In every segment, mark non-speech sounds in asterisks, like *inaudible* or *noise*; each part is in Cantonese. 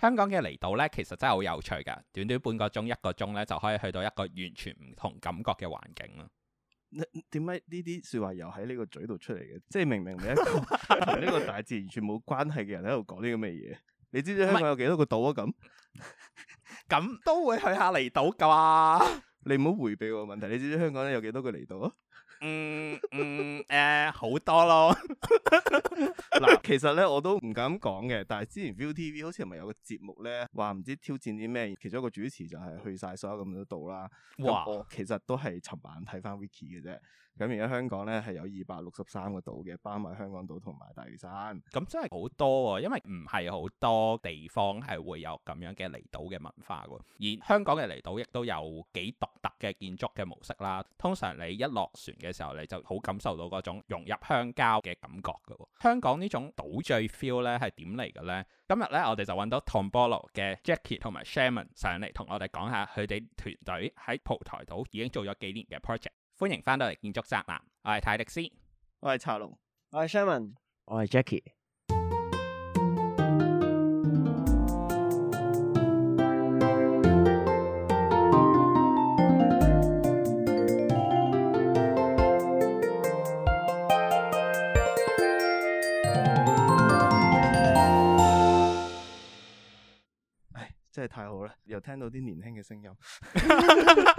香港嘅離島咧，其實真係好有趣噶，短短半個鐘一個鐘咧，就可以去到一個完全唔同感覺嘅環境咯。點解呢啲說話又喺呢個嘴度出嚟嘅？即係明明你一個同呢 *laughs* 個大自然完全冇關係嘅人喺度講呢咁嘅嘢，你知唔知香港有幾多個島啊？咁咁是 *laughs* 都會去下離島啩？你唔好回避我問題，你知唔知香港咧有幾多個離島啊？ *noise* 嗯嗯誒，好、呃、多咯。嗱，其實咧我都唔敢講嘅，但係之前 ViuTV 好似係咪有個節目咧，話唔知挑戰啲咩，其中一個主持就係去晒所有咁多度啦。哇！其實都係尋晚睇翻 Wiki 嘅啫。咁而家香港咧係有二百六十三個島嘅，包埋香港島同埋大嶼山。咁真係好多、哦，因為唔係好多地方係會有咁樣嘅離島嘅文化喎。而香港嘅離島亦都有幾獨特嘅建築嘅模式啦。通常你一落船嘅時候，你就好感受到嗰種融入鄉郊嘅感覺嘅。香港呢種島嶼 feel 咧係點嚟嘅咧？今日咧我哋就揾到 Tombolo 嘅 Jackie 同埋 Shaman 上嚟同我哋講下佢哋團隊喺蒲台島已經做咗幾年嘅 project。歡迎翻到嚟建築宅男，我係泰迪斯，我係茶龍，我係 Shannon，我係 Jackie。唉、哎，真係太好啦！又聽到啲年輕嘅聲音。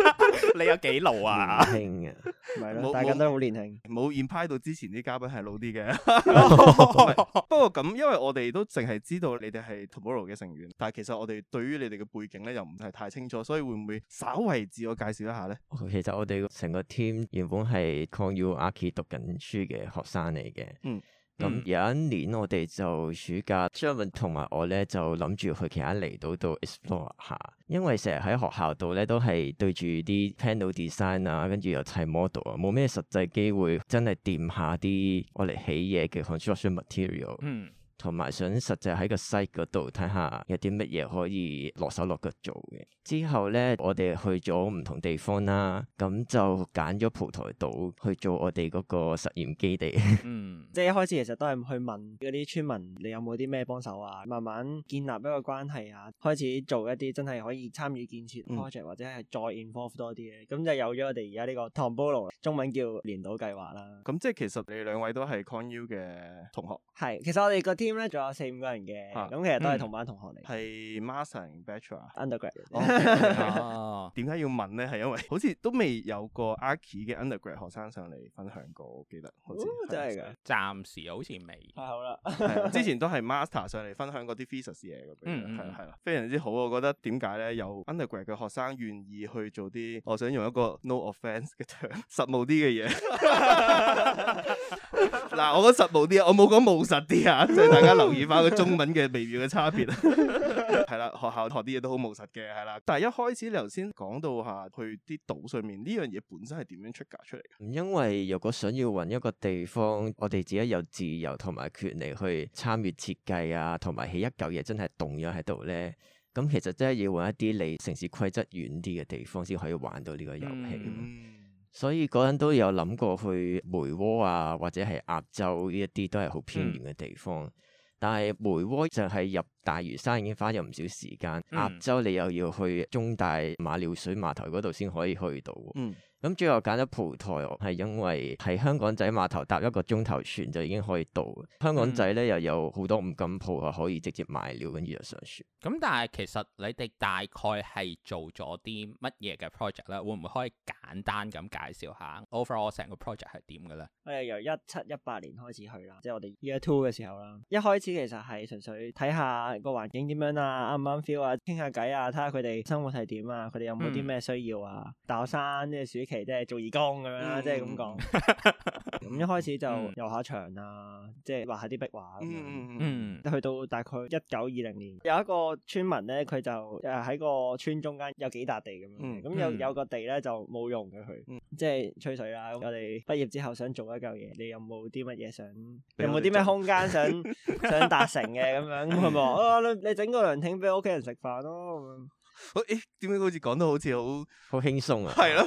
*laughs* *laughs* *laughs* 你有幾老啊？年輕嘅、啊，係咯 *laughs* 了，大家都好年輕，冇 in 派到之前啲嘉賓係老啲嘅。 *laughs* *laughs* *laughs* 不過咁，因為我哋都淨係知道你哋係 t o m o r r o w 嘅成員，但係其實我哋對於你哋嘅背景咧又唔係太清楚，所以會唔會稍微自我介紹一下咧？其實我哋成個 team 原本係 Kong Yu a r i e 讀緊書嘅學生嚟嘅。嗯。咁有一年我哋就暑假，Jasmine 同埋我咧就諗住去其他離島度 explore 下，因為成日喺學校度咧都係對住啲 panel design 啊，跟住又砌 model 啊，冇咩實際機會真係掂下啲我哋起嘢嘅 construction material。嗯同埋想實際喺個 site 嗰度睇下有啲乜嘢可以落手落腳做嘅。之後咧，我哋去咗唔同地方啦，咁就揀咗蒲台島去做我哋嗰個實驗基地。嗯， *laughs* 即係一開始其實都係去問嗰啲村民你有冇啲咩幫手啊，慢慢建立一個關係啊，開始做一啲真係可以參與建設 project、嗯、或者係再 involve 多啲咧、啊。咁就有咗我哋而家呢個 Tombolo 中文叫連島計劃啦。咁即係其實你哋兩位都係 Con U 嘅同學。係，其實我哋啲。咁咧，仲有四五個人嘅，咁其實都係同班同學嚟。係 master、bachelor、undergrad 點解要問咧？係因為好似都未有個 Arch 嘅 undergraduate 學生上嚟分享過，我記得。真係㗎？暫時好似未。係好啦。之前都係 master 上嚟分享嗰啲 thesis 嘢，嗯嗯，係啦，係啦，非常之好。我覺得點解咧？有 undergraduate 學生願意去做啲，我想用一個 no offense 嘅對，實務啲嘅嘢。嗱，我講實務啲啊，我冇講務實啲啊， *laughs* 大家留意翻個中文嘅 *laughs* 微妙嘅差別啊，係 *laughs* 啦，學校學啲嘢都好務實嘅，係啦。但係一開始你頭先講到下去啲島上面呢樣嘢本身係點樣出格出嚟？因為如果想要揾一個地方，我哋自己有自由同埋權利去參與設計啊，同埋起一嚿嘢真係動咗喺度呢，咁其實真係要揾一啲離城市規則遠啲嘅地方先可以玩到呢個遊戲。嗯，所以嗰陣都有諗過去梅窩啊，或者係亞洲呢一啲都係好偏遠嘅地方。嗯但係梅窩就係入大嶼山已經花咗唔少時間，嗯、鴨洲你又要去中大馬料水碼頭嗰度先可以去到。嗯咁最後揀咗蒲台，係因為喺香港仔碼頭搭一個鐘頭船就已經可以到。香港仔咧又有好多五金鋪可以直接買料，跟住就上船。咁、嗯嗯、但係其實你哋大概係做咗啲乜嘢嘅 project 咧？會唔會可以簡單咁介紹下 overall 成個 project 係點嘅咧？我哋由一七一八年開始去啦，即、就、係、是、我哋 Year Two 嘅時候啦。一開始其實係純粹睇下個環境點樣啊，啱唔啱 feel 啊，傾下偈啊，睇下佢哋生活係點啊，佢哋有冇啲咩需要啊，大學生即係暑期。即係做義工咁樣啦，嗯、即係咁講。咁、 *laughs* 嗯、一開始就游下牆啊，即係畫下啲壁畫、嗯。嗯嗯嗯。去到大概一九二零年，有一個村民咧，佢就喺個村中間有幾笪地咁樣。嗯。咁有有個地咧就冇用嘅，佢即係吹水啦。嗯、我哋畢業之後想做一嚿嘢，你有冇啲乜嘢想？有冇啲咩空間想 *laughs* 想達成嘅咁樣？係咪 *laughs* *laughs* 啊？你你整個涼亭俾屋企人食飯咯咁樣。我誒，點解、哎、好似講到好似好好輕鬆啊？係咯，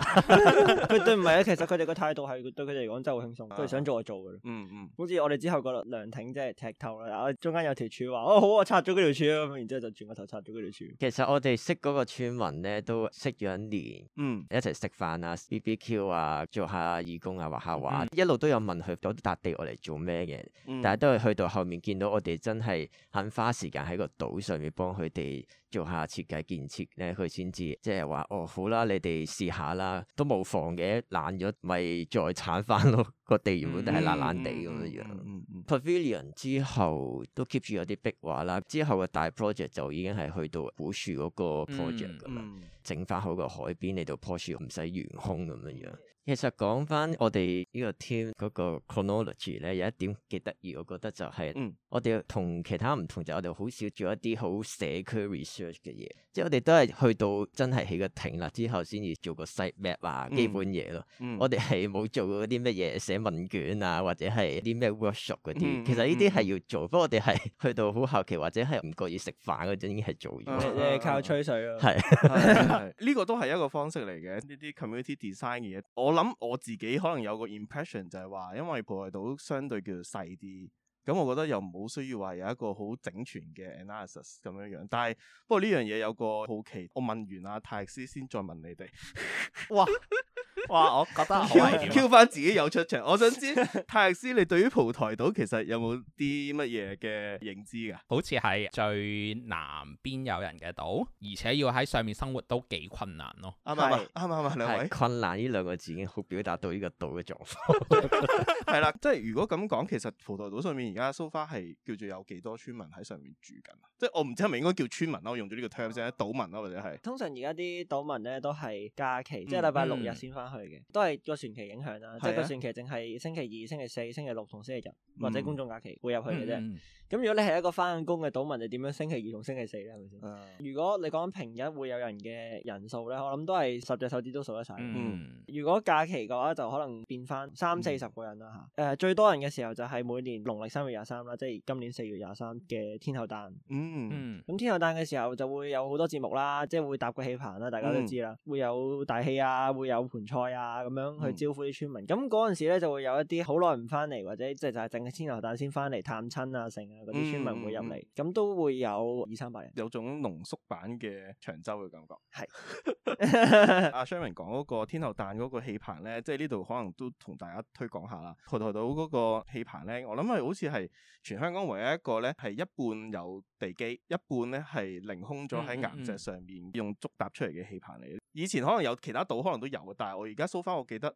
佢都唔係啊，其實佢哋個態度係對佢哋嚟講真係好輕鬆，佢哋想做就做嘅、啊，嗯嗯，好似我哋之後個涼亭即係踢透啦，中間有條柱話哦，好，我拆咗嗰條柱啊，咁然之後就轉個頭拆咗嗰條柱。其實我哋識嗰個村民咧，都識咗一年，嗯，一齊食飯啊，BBQ 啊，做下義工啊，畫下畫，嗯、一路都有問佢攞笪地我嚟做咩嘅，嗯、但係都係去到後面見到我哋真係肯花時間喺個島上面幫佢哋。做下設計建設咧，佢先至即係話哦，好啦，你哋試下啦，都冇妨嘅，爛咗咪再鏟翻咯。個地原本都係爛爛地咁樣樣。嗯嗯嗯嗯、Pavilion 之後都 keep 住有啲壁畫啦，之後嘅大 project 就已經係去到古樹嗰個 project 咁樣，嗯嗯、整翻好個海邊你度樖樹，唔使懸空咁樣樣。其實講返我哋呢個 team 嗰個 chronology 咧，有一點幾得意，我覺得就係我哋同其他唔同就係、我哋好少做一啲好社區 research 嘅嘢，即係我哋都係去到真係起個亭啦之後，先至做個 site map 啊，基本嘢咯。嗯嗯、我哋係冇做過啲乜嘢寫問卷啊，或者係啲咩 workshop 嗰啲。其實呢啲係要做，不過、嗯嗯、我哋係去到好後期或者係唔覺意食飯嗰陣已經係做。誒、啊， *laughs* 靠吹水咯。係，呢個都係一個方式嚟嘅呢啲 community design 嘅嘢。我。咁、嗯、我自己可能有個 impression 就係話，因為蒲台島相對叫做細啲。咁我覺得又冇需要話有一個好整全嘅 analysis 咁樣樣，但係不過呢樣嘢有個好奇，我問完阿泰克斯先再問你哋。哇 *laughs* 哇，我覺得 Q 返 *laughs* 自己有出場， *laughs* 我想知 *laughs* 泰克斯你對於蒲台島其實有冇啲乜嘢嘅認知㗎？好似係最南邊有人嘅島，而且要喺上面生活都幾困難咯。啱啊啱啱啱？兩位困難呢兩個字已經好表達到呢個島嘅狀況。係 *laughs* 啦， *laughs* 即係如果咁講，其實蒲台島上面。而家 so far 係叫做有幾多村民喺上面住緊？即係我唔知係咪應該叫村民咯，我用咗呢個 term 啫，島民咯，或者係。通常而家啲島民咧都係假期，即係禮拜六日先翻去嘅，嗯、都係個船期影響啦。嗯、即係個船期淨係星期二、星期四、星期六同星期日或者公眾假期會入去嘅啫。嗯嗯嗯咁如果你係一個翻緊工嘅島民，你點樣星期二同星期四咧？係咪先？如果你講平日會有人嘅人數咧，我諗都係十隻手指都數得曬。嗯、如果假期嘅話，就可能變翻三四十個人啦嚇。誒、嗯呃、最多人嘅時候就係每年農曆三月廿三啦，即係今年四月廿三嘅天后誕。嗯嗯。咁、嗯、天后誕嘅時候就會有好多節目啦，即係會搭個戲棚啦，大家都知啦，嗯、會有大戲啊，會有盆菜啊咁樣去招呼啲村民。咁嗰陣時咧就會有一啲好耐唔翻嚟，或者即係淨係整個天后誕先翻嚟探親啊，成嗰啲村民會入嚟，咁、嗯、都會有二三百人，有種濃縮版嘅長洲嘅感覺。係是，阿 *laughs* Sherman 講嗰個天后誕嗰個戲棚咧，即係呢度可能都同大家推廣下啦。蒲台，台島嗰個戲棚咧，我諗係好似係全香港唯一一個咧，係一半有地基，一半咧係凌空咗喺岩石上面、嗯嗯、用竹搭出嚟嘅戲棚嚟。以前可能有其他島可能都有，但係我而家搜翻，我記得。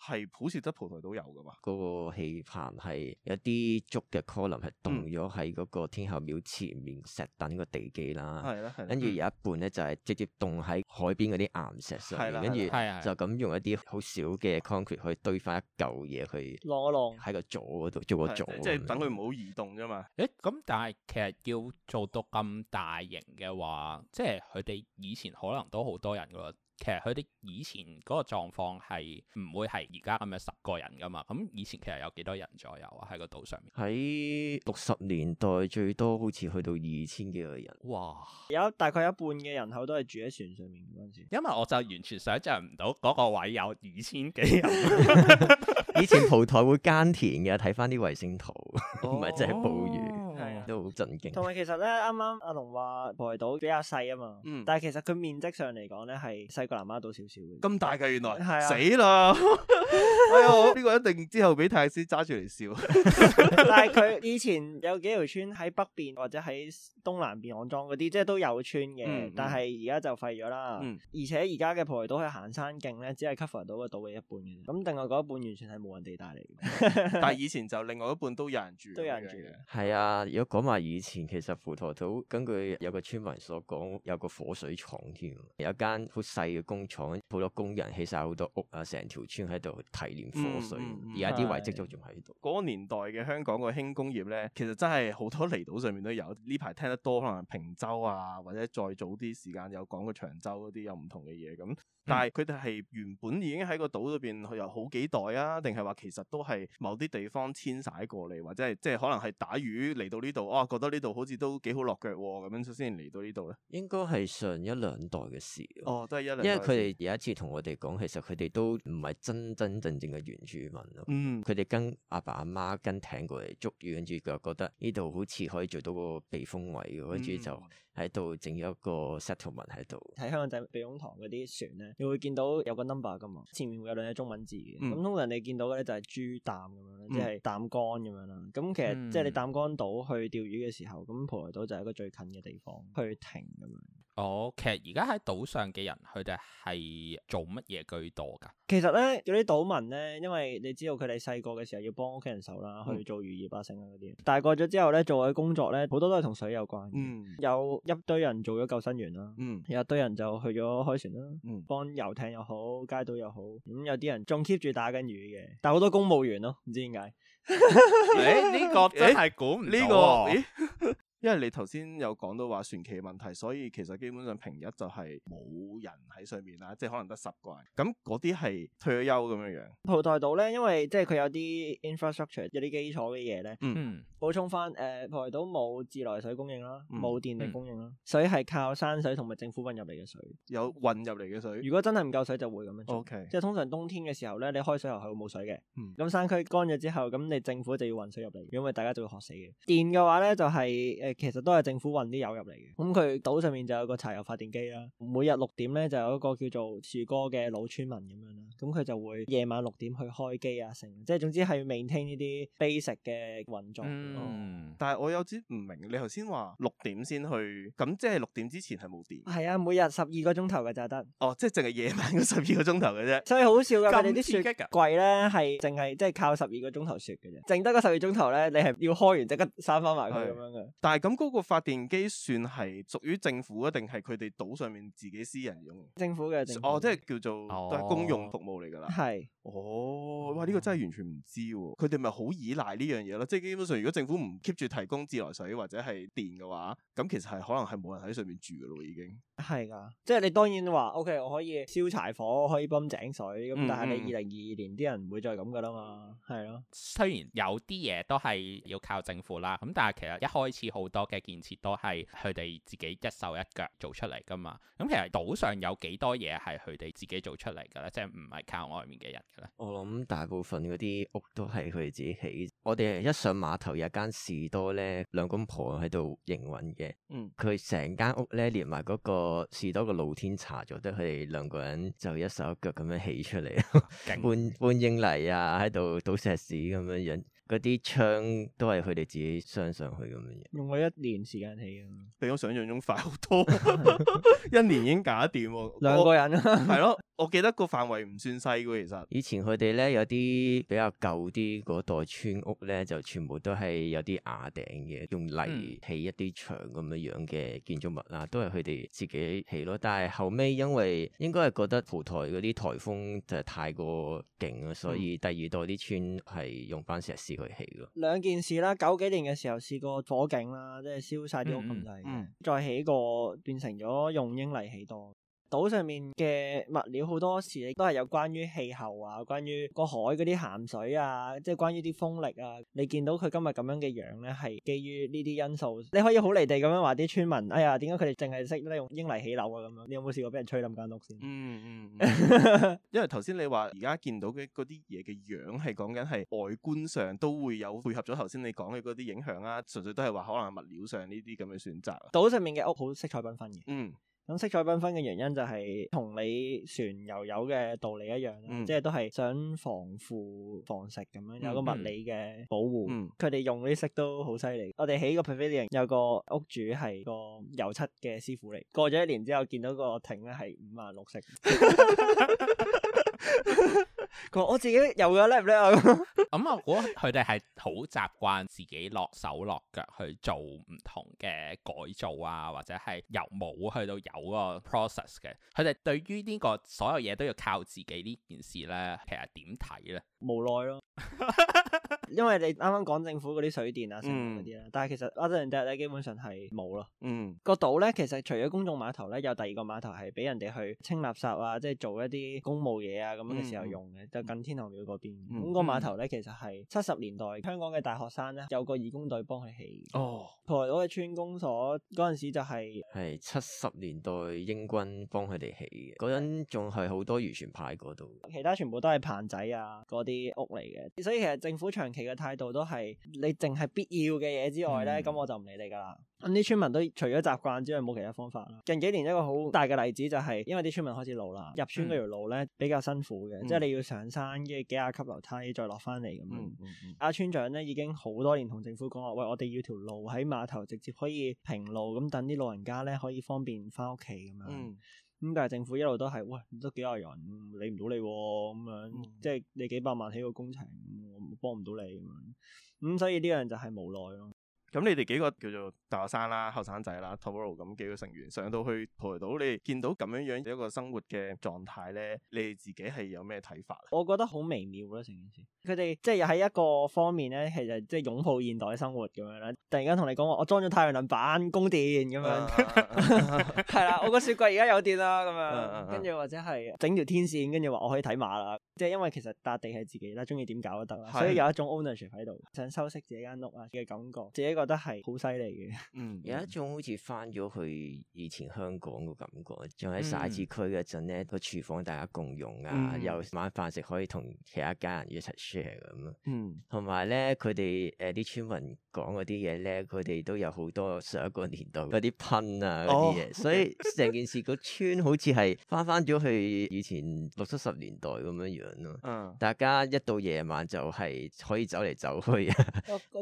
係普氏德蒲台都有噶嘛？嗰個戲棚係有啲竹嘅 column 係棟咗喺嗰個天后廟前面石凳個地基啦、嗯。係、嗯、啦，跟住有一半咧就係直接棟喺海邊嗰啲岩石上面。跟住就咁用一啲好少嘅 concrete、嗯、堆去堆翻一嚿嘢去攞攞喺個座嗰度做個座、嗯，即係等佢唔好移動啫嘛。誒，咁但係其實要做到咁大型嘅話，即係佢哋以前可能都好多人㗎。其實佢哋以前嗰個狀況係唔會係而家咁樣十個人噶嘛，咁以前其實有幾多人左右啊？喺個島上面，喺六十年代最多好似去到二千幾個人。哇！有大概一半嘅人口都係住喺船上面嗰陣時，因為我就完全想像唔到嗰個位有二千幾人。以前蒲台會耕田嘅，睇翻啲衛星圖，唔係即係捕魚。 *laughs* 都好震驚，同埋其實咧，啱啱阿龍話蒲台島比較細啊嘛，嗯，但係其實佢面積上嚟講咧係細過南丫島少少嘅，咁大㗎原來，係啊，死啦，哎呀，呢個一定之後俾泰斯揸住嚟笑。但係佢以前有幾條村喺北邊或者喺東南邊安裝嗰啲，即係都有村嘅，但係而家就廢咗啦。而且而家嘅蒲台島係行山徑咧，只係 cover 到個島嘅一半嘅，咁另外嗰一半完全係冇人地帶嚟嘅，但係以前就另外一半都有人住，都有人住，係啊，如果。講埋以前，其實蒲台島根據有個村民所講，有個火水廠添，有間好細嘅工廠，好多工人起曬好多屋啊，成條村喺度提煉火水。嗯嗯、而家啲遺跡都仲喺度。嗰個年代嘅香港個輕工業咧，其實真係好多離島上面都有。呢排聽得多可能平洲啊，或者再早啲時間有講過長洲嗰啲有唔同嘅嘢咁。嗯、但係佢哋係原本已經喺個島裏邊有好幾代啊，定係話其實都係某啲地方遷徙過嚟，或者係即係可能係打魚嚟到呢度。哇、哦，覺得呢度好似都幾好落腳喎，咁樣首先嚟到呢度咧，應該係上一兩代嘅事。哦，都係一兩。因為佢哋有一次同我哋講，其實佢哋都唔係真真正正嘅原住民咯。嗯。佢哋跟阿爸阿媽，媽跟艇過嚟捉魚，跟住佢話覺得呢度好似可以做到個避風位，跟住就、嗯。喺度整咗一個 settlement 喺度。喺香港仔避風塘嗰啲船咧，你會見到有個 number 嘅嘛，前面會有兩隻中文字嘅。咁、嗯、通常你見到嘅咧就係珠擔咁樣，即係擔杆咁樣啦。咁、嗯、其實、嗯、即係你擔杆島去釣魚嘅時候，咁蒲台島就係一個最近嘅地方去停咁樣。哦，oh，其實而家喺島上嘅人，佢哋係做乜嘢居多噶？其實咧，有啲島民咧，因為你知道佢哋細個嘅時候要幫屋企人手啦，嗯、去做漁業啊、剩啊嗰啲。大個咗之後咧，做嘅工作咧，好多都係同水有關。嗯，有一堆人做咗救生員啦、啊。嗯，有一堆人就去咗開船啦、啊。嗯，幫遊艇又好，街道又好。咁有啲人仲 keep 住打緊魚嘅，但係好多公務員咯、啊，唔知點解。誒、 *laughs* 欸，呢、這個真係估唔到。因為你頭先有講到話船期問題，所以其實基本上平日就係冇人喺上面啦，即係可能得十個人。咁嗰啲係退咗休咁樣樣。蒲台島咧，因為即係佢有啲 infrastructure，有啲基礎嘅嘢咧。嗯。補充翻，誒、呃，蒲台島冇自來水供應啦，冇、嗯、電力供應啦。嗯、水係靠山水同埋政府運入嚟嘅水。有運入嚟嘅水。如果真係唔夠水，就會咁樣做。OK。即係通常冬天嘅時候咧，你開水喉係會冇水嘅。嗯。咁山區乾咗之後，咁你政府就要運水入嚟，因為大家就會渴死嘅。電嘅話咧，就係、是。其實都係政府運啲油入嚟嘅。咁佢島上面就有個柴油發電機啦。每日六點咧，就有一個叫做樹哥嘅老村民咁樣啦。咁、嗯、佢就會夜晚六點去開機啊，成。即係總之係要 maintain 呢啲 basic 嘅運作咯。嗯哦、但係我有啲唔明，你頭先話六點先去，咁即係六點之前係冇電？係啊，每日十二個鐘頭嘅就得。哦，即係淨係夜晚嗰十二個鐘頭嘅啫。所以好少。噶、啊，佢哋啲雪櫃咧係淨係即係靠十二個鐘頭雪嘅啫。剩得嗰十二鐘頭咧，你係要開完即刻閂翻埋佢咁樣嘅。但咁嗰個發電機算係屬於政府啊，定係佢哋島上面自己私人用？政府嘅哦，即係叫做、哦、都係公用服務嚟噶啦。係是哦，哇！呢、呢個真係完全唔知。佢哋咪好依賴呢樣嘢咯。即係基本上，如果政府唔 keep 住提供自來水或者係電嘅話，咁其實係可能係冇人喺上面住㗎咯，已經係噶，即係你當然話 OK，我可以燒柴火，可以泵井水咁，但係你二零二二年啲人唔會再咁噶啦嘛。係咯、嗯嗯，的雖然有啲嘢都係要靠政府啦，咁但係其實一開始好。好多嘅建設都係佢哋自己一手一腳做出嚟㗎嘛，咁其實島上有幾多嘢係佢哋自己做出嚟㗎咧，即係唔係靠外面嘅人㗎咧？我諗大部分嗰啲屋都係佢哋自己起，我哋一上碼頭有間士多咧，兩公婆喺度營運嘅，佢成、嗯、間屋咧連埋嗰個士多個露天茶座都佢哋兩個人就一手一腳咁樣起出嚟，啊、搬搬英泥啊喺度倒石屎咁樣樣。嗰啲窗都係佢哋自己鑲上去咁嘅嘢，用咗一年時間起啊，比我想象中快好多 *laughs* *laughs* 一年已經搞掂喎，兩個人係我 *laughs* 咯。我記得個範圍唔算細喎，其實以前佢哋咧有啲比較舊啲嗰代村屋咧，就全部都係有啲瓦頂嘅，用泥起一啲牆咁嘅樣嘅建築物啦，嗯、都係佢哋自己起咯。但係後尾，因為應該係覺得蒲台嗰啲颱風就係太過勁啦，所以第二代啲村係用翻石屎去起咯。嗯、兩件事啦，九幾年嘅時候試過火警啦，即係燒晒啲屋咁滯、嗯嗯嗯、再起過變成咗用英泥起多。島上面嘅物料好多時，亦都係有關於氣候啊，關於個海嗰啲鹹水啊，即係關於啲風力啊。你見到佢今日咁樣嘅樣咧，係基於呢啲因素。你可以好離地咁樣話啲村民，哎呀，點解佢哋淨係識咧用英泥起樓啊？咁樣你有冇試過俾人吹冧間屋先？嗯嗯，嗯 *laughs* 因為頭先你話而家見到嘅嗰啲嘢嘅樣係講緊係外觀上都會有配合咗頭先你講嘅嗰啲影響啊。純粹都係話可能係物料上呢啲咁嘅選擇。島上面嘅屋好色彩繽紛嘅。嗯。咁色彩繽紛嘅原因就係同你船油油嘅道理一樣、嗯、即係都係想防腐防蝕。咁樣有個物理嘅保護。佢哋、嗯、用啲色都好犀利。我哋起個 Pavilion 有個屋主係個油漆嘅師傅嚟，過咗一年之後見到個亭咧係五顏六色。 *laughs* *laughs* 佢 *laughs* 我自己有嘅叻唔叻啊？咁 *laughs* 我估佢哋係好習慣自己落手落腳去做唔同嘅改造啊，或者係由冇去到有個 process 嘅。佢哋對於呢個所有嘢都要靠自己呢件事咧，其實點睇咧？無奈咯， *laughs* *laughs* 因為你啱啱講政府嗰啲水電啊、成嗰啲啦，嗯、但係其實 other than that 咧，基本上係冇咯。嗯，個島咧，其實除咗公眾碼頭咧，有第二個碼頭係俾人哋去清垃、垃圾啊，即係做一啲公務嘢啊。咁嘅時候用嘅，嗯、就近天后廟嗰邊。咁、嗯、個碼頭咧，其實係七十年代香港嘅大學生咧，有個義工隊幫佢起。哦，同埋蒲台島嘅村公所嗰陣時就係係七十年代英軍幫佢哋起嘅。嗰陣仲係好多漁船派嗰度，其他全部都係棚仔啊，嗰啲屋嚟嘅。所以其實政府長期嘅態度都係，你淨係必要嘅嘢之外咧，咁、嗯、我就唔理你㗎喇。咁啲村民都除咗習慣之外，冇其他方法啦。近幾年一個好大嘅例子就係、是，因為啲村民開始老啦，入村嗰條路咧比較辛苦嘅，嗯、即係你要上山，跟住幾下級樓梯再落翻嚟咁樣。阿、嗯嗯嗯、村長咧已經好多年同政府講話，喂，我哋要條路喺碼頭直接可以平路，咁等啲老人家咧可以方便翻屋企咁樣。咁、嗯、但係政府一路都係，喂，都幾廿人，理唔到你咁、啊、樣，嗯、即係你幾百萬起個工程，我幫唔到你咁樣。咁、嗯、所以呢樣就係無奈咯。咁你哋幾個叫做大學生啦、後生仔啦、Tombolo 咁幾個成員，上到去蒲台島，你見到咁樣樣一個生活嘅狀態咧，你哋自己係有咩睇法？我覺得好微妙咯，成件事。佢哋即係喺一個方面咧，其實即係擁抱現代生活咁樣啦。突然間同你講話，我裝咗太陽能板供電咁樣，係啦，我個雪櫃而家有電啦咁樣。跟住或者係整條天線，跟住話我可以睇馬啦。即係因為其實笪地係自己啦，中意點搞都得啦，的所以有一種 ownership 喺度，想收拾自己間屋啊嘅感覺，自己覺得係好犀利嘅。嗯，有一種好似翻咗去以前香港個感覺，仲喺徙置區嗰陣咧，個、嗯、廚房大家共用啊，又、嗯、晚飯食可以同其他家人一齊 share 咁樣。嗯，同埋咧，佢哋誒啲村民講嗰啲嘢咧，佢哋都有好多上一個年代嗰啲噴啊嗰啲嘢，哦、所以成件事個村好似係翻翻咗去以前六七十年代咁樣樣。嗯，大家一到夜晚就係可以走嚟走去啊。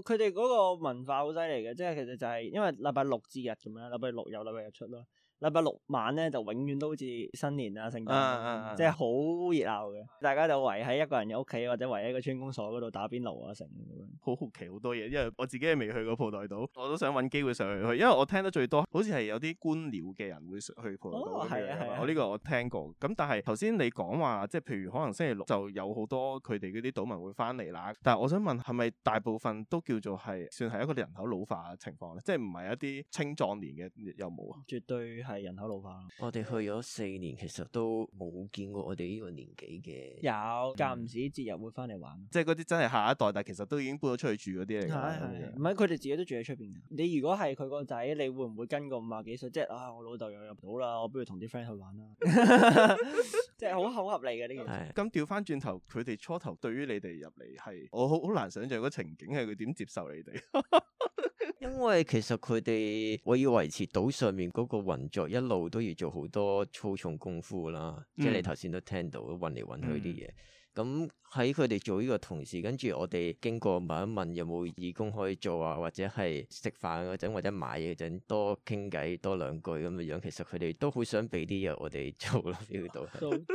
佢哋嗰個文化好犀利嘅，即係其實就係因為禮拜六至日咁樣，禮拜六有禮拜日出咯。禮拜六晚咧，就永遠都好似新年啊聖誕，等等啊啊、即係好熱鬧嘅。啊、大家就圍喺一個人嘅屋企，或者圍喺個村公所嗰度打邊爐啊，成咁樣。好好奇好多嘢，因為我自己係未去過蒲台島，我都想揾機會上去去。因為我聽得最多，好似係有啲官僚嘅人會上去蒲台島、哦、啊，係啊。啊我呢個我聽過。咁但係頭先你講話，即係譬如可能星期六就有好多佢哋嗰啲島民會翻嚟啦。但係我想問，係咪大部分都叫做係算係一個人口老化嘅情況咧？即係唔係一啲青壯年嘅有冇啊？絕對係。係一人口老化。 *noise* 我哋去咗四年，其實都冇見過我哋呢個年紀嘅。有間唔時節日會翻嚟玩，嗯、即係嗰啲真係下一代，但係其實都已經搬咗出去住嗰啲嚟㗎。係係，唔係佢哋自己都住喺出邊。你如果係佢個仔，你會唔會跟個五啊幾歲？即係啊，我老豆又入唔到啦，我不如同啲 friend 去玩啦。 *laughs* *laughs* *laughs* 即係好合理嘅呢件事。咁調翻轉頭，佢 *noise* 哋的初頭對於你哋入嚟係，我好好難想像個情景係佢點接受你哋。 *laughs* 因為其實佢哋我要維持島上面嗰個運作，一路都要做好多粗重功夫啦，嗯、即係你頭先都聽到，運嚟運去啲嘢，嗯咁喺佢哋做呢個同事，跟住我哋經過問一問有冇義工可以做啊，或者係食飯嗰陣，或者買嘢陣多傾偈多，多兩句咁嘅樣，其實佢哋都好想俾啲嘢我哋做咯呢個度。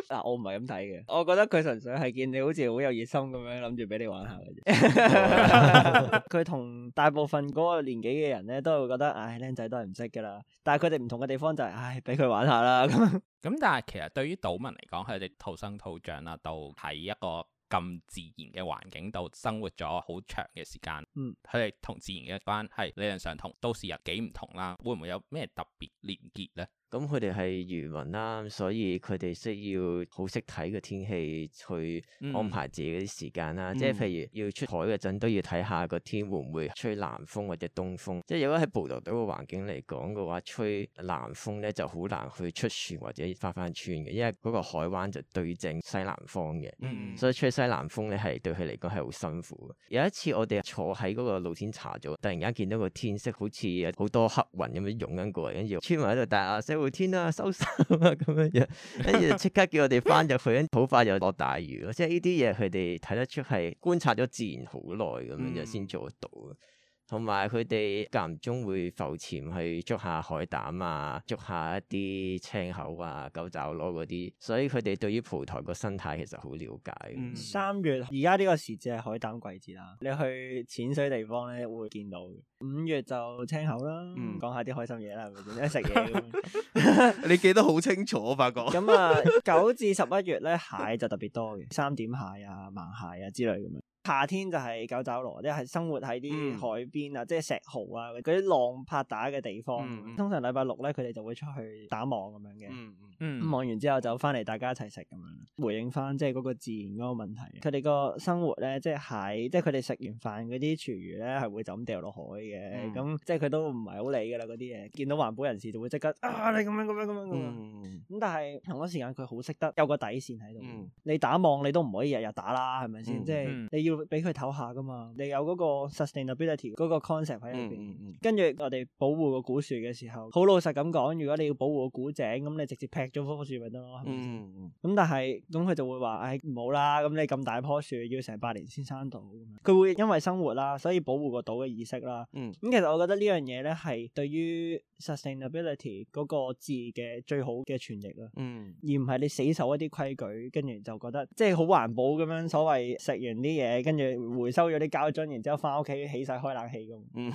但、啊、我唔係咁睇嘅，我覺得佢純粹係見你好似好有熱心咁樣，諗住俾你玩下嘅啫。佢同大部分嗰個年紀嘅人咧，都會覺得唉，靚仔都係唔識㗎啦。但係佢哋唔同嘅地方就係、是、唉，俾佢玩下啦咁。咁但係其實對於島民嚟講，佢哋土生土長啦，到喺一個咁自然嘅環境度生活咗好長嘅時間，嗯，佢哋同自然嘅關係理論上同都市人幾唔同啦，會唔會有咩特別連結咧？咁佢哋係漁民啦、啊，所以佢哋需要好識睇個天氣去安排自己啲時間啦、啊。嗯、即係譬如要出海嗰陣，都要睇下個天會唔會吹南風或者東風。即係如果喺蒲台島個環境嚟講嘅話，吹南風咧就好難去出船或者翻返村嘅，因為嗰個海灣就對正西南方嘅，嗯、所以吹西南風咧係對佢嚟講係好辛苦。有一次我哋坐喺嗰個露天茶座，突然間見到個天色好似好多黑雲咁樣湧緊過嚟，跟住村民喺度帶阿、啊後、哦、天啊，收衫啊，咁樣樣，跟住即刻叫我哋翻入去，好 *laughs* 快又落大雨咯，即係呢啲嘢，佢哋睇得出係觀察咗自然好耐咁樣樣先做得到。同埋佢哋間唔中會浮潛去捉下海膽啊，捉下一啲青口啊、狗爪螺嗰啲，所以佢哋對於蒲台個生態其實好了解。嗯、三月、而家呢個時節係海膽季節啦，你去淺水地方咧會見到。五月就青口啦，嗯、講下啲開心嘢啦，係咪點樣食嘢？你記得好清楚，發覺。咁啊，九至十一月咧蟹就特別多嘅，三點蟹啊、盲蟹啊之類咁樣。夏天就係狗爪螺，即係生活喺啲海邊啊，即係石壕啊，嗰啲浪拍打嘅地方。通常禮拜六咧，佢哋就會出去打網咁樣嘅。咁網完之後就翻嚟，大家一齊食咁樣。回應翻即係嗰個自然嗰個問題。佢哋個生活咧，即係喺，即係佢哋食完飯嗰啲廚餘咧，係會就咁掉落海嘅。咁即係佢都唔係好理噶啦嗰啲嘢。見到環保人士就會即刻啊，你咁樣咁樣咁樣咁。咁但係同一時間佢好識得有個底線喺度。你打網你都唔可以日日打啦，係咪先？即係你要。俾佢唞下噶嘛，你有嗰個 sustainability 嗰個 concept 喺入邊，跟住、嗯嗯、我哋保護個古樹嘅時候，好老實咁講，如果你要保護個古井，咁你直接劈咗棵棵樹咪得咯，係咪先？咁、嗯嗯、但係，咁、嗯、佢就會話，唉、哎，唔好啦，咁、嗯、你咁大棵樹要成百年先生到，咁樣佢會因為生活啦，所以保護個島嘅意識啦。咁、嗯嗯嗯、其實我覺得呢樣嘢咧，係對於 sustainability 嗰個字嘅最好嘅傳譯咯。嗯，而唔係你死守一啲規矩，跟住就覺得即係好環保咁樣，所謂食完啲嘢。跟住回收咗啲膠樽，然之後翻屋企起晒開冷氣咁。嗯，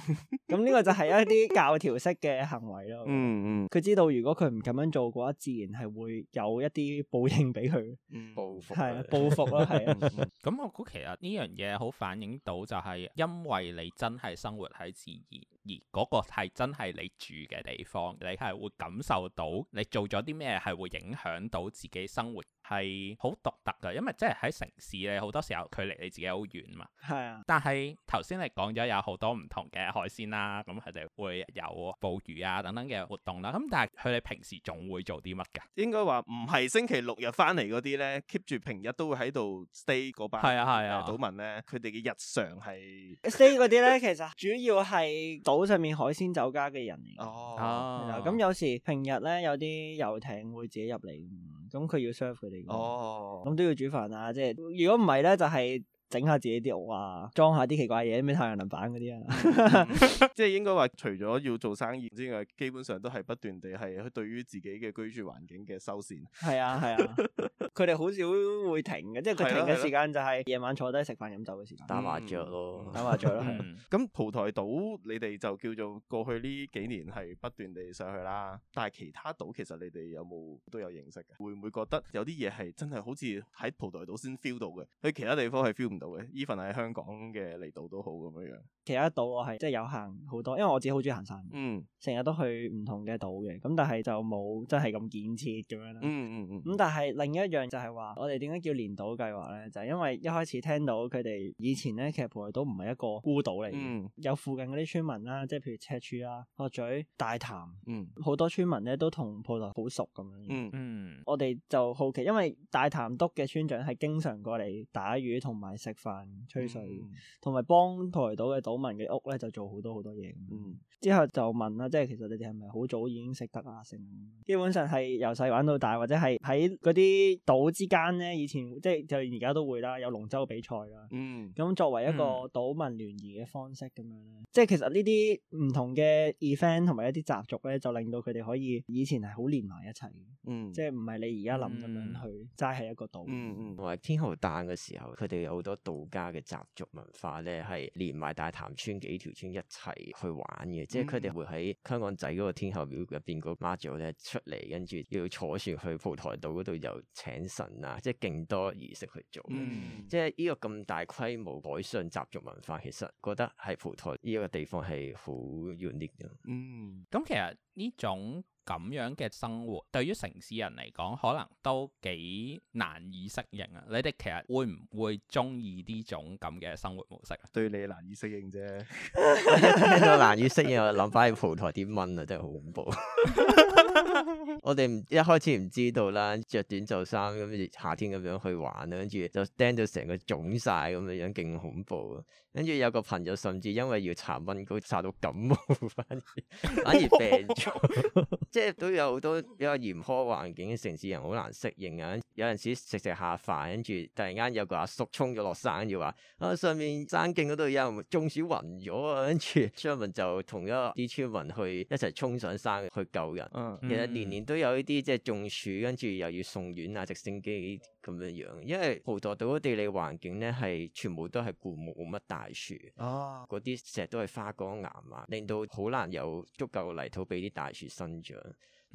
咁呢個就係一啲教條式嘅行為咯。嗯嗯，佢知道如果佢唔咁樣做嘅話，自然係會有一啲報應俾佢。嗯，報復係啊，報復咯係啊。咁我估其實呢樣嘢好反映到就係，因為你真係生活喺自然，而嗰個係真係你住嘅地方，你係會感受到你做咗啲咩係會影響到自己生活。係好獨特嘅，因為即係喺城市咧，好多時候佢離你自己好遠嘛。係啊，但係頭先你講咗有好多唔同嘅海鮮啦，咁佢哋會有捕魚啊等等嘅活動啦。咁但係佢哋平時仲會做啲乜嘅？應該話唔係星期六日翻嚟嗰啲咧，keep 住平日都會喺度 stay 嗰班係啊係啊島民咧，佢哋嘅日常係 stay 嗰啲咧，其實主要係島上面海鮮酒家嘅人嚟。哦，哦，咁有時平日咧有啲遊艇會自己入嚟。咁佢要 serve 佢哋嘅，咁都要煮飯啊！即係如果唔係咧，就係。整下自己啲屋啊，裝下啲奇怪嘢咩太陽能板嗰啲啊， *laughs* *laughs* 即係應該話，除咗要做生意之外，基本上都係不斷地係去對於自己嘅居住環境嘅修繕。係啊係啊，佢哋好少會停嘅，即係佢停嘅時間就係夜晚坐低食飯飲酒嘅時間。啊啊嗯、打麻雀咯，打麻雀咯。咁蒲台島你哋就叫做過去呢幾年係不斷地上去啦，但係其他島其實你哋有冇都有認識嘅？會唔會覺得有啲嘢係真係好似喺蒲台島先 feel 到嘅？喺其他地方係 feel。唔到嘅，呢份喺香港嘅嚟到都好咁樣。其他島我係即係有行好多，因為我自己好中意行山。嗯，成日都去唔同嘅島嘅，咁但係就冇真係咁建設咁樣啦。嗯嗯嗯。咁但係另一樣就係話，我哋點解叫連島計劃咧？就係、因為一開始聽到佢哋以前咧，其實蒲台島唔係一個孤島嚟嘅，嗯、有附近嗰啲村民啦、啊，即係譬如赤柱啦、啊、鶴咀、大潭，好、嗯、多村民咧都同蒲台好熟咁樣嗯。嗯嗯。我哋就好奇，因為大潭篤嘅村長係經常過嚟打魚同埋，食飯、吹水同埋幫蒲台島嘅島民嘅屋咧，就做好多好多嘢。嗯之後就問啦，即係其實你哋係咪好早已經識得啊？成，基本上係由細玩到大，或者係喺嗰啲島之間咧，以前即係就而家都會啦，有龍舟比賽啦。嗯。咁作為一個島民聯誼嘅方式咁樣咧，嗯、即係其實呢啲唔同嘅 event 同埋一啲習俗咧，就令到佢哋可以以前係好連埋一齊。嗯。即係唔係你而家諗咁樣去齋係、嗯、一個島。嗯嗯。同、嗯、埋、嗯、天后誕嘅時候，佢哋有好多道家嘅習俗文化咧，係連埋大潭村幾條村一齊去玩嘅。即係佢哋會喺香港仔嗰個天后廟入邊個媽祖咧出嚟，跟住要坐船去蒲台島嗰度又請神啊！即係勁多儀式去做，嗯、即係呢個咁大規模改進習俗文化，其實覺得係蒲台呢一個地方係好 unique 嘅。嗯，咁其實呢種。咁樣嘅生活，對於城市人嚟講，可能都幾難以適應啊！你哋其實會唔會中意呢種咁嘅生活模式啊？對你難以適應啫，我一聽到難以適應，我諗翻去蒲台啲蚊啊，真係好恐怖。 *laughs* *music* 我哋唔一開始唔知道啦，着短袖衫跟住夏天咁樣去玩啊，跟住就釘到成個腫晒咁樣樣，勁恐怖啊！跟住有個朋友甚至因為要查溫，佢查到感冒，反而反而病咗。 *laughs* *laughs* 即係都有好多比較嚴苛環境，城市人好難適應啊。有陣時食食下飯，跟住突然間有個阿叔衝咗落山，就話啊上面山徑嗰度有人中暑暈咗啊，跟住村民就同一啲村民去一齊衝上山去救人。Uh, 嗯，其實。年年都有呢啲即係中暑，跟住又要送院啊，直升機咁樣樣，因為蒲台島嘅地理環境呢，係全部都係固木冇乜大樹嗰啲，oh. 石都係花崗岩啊，令到好難有足夠泥土俾啲大樹生長。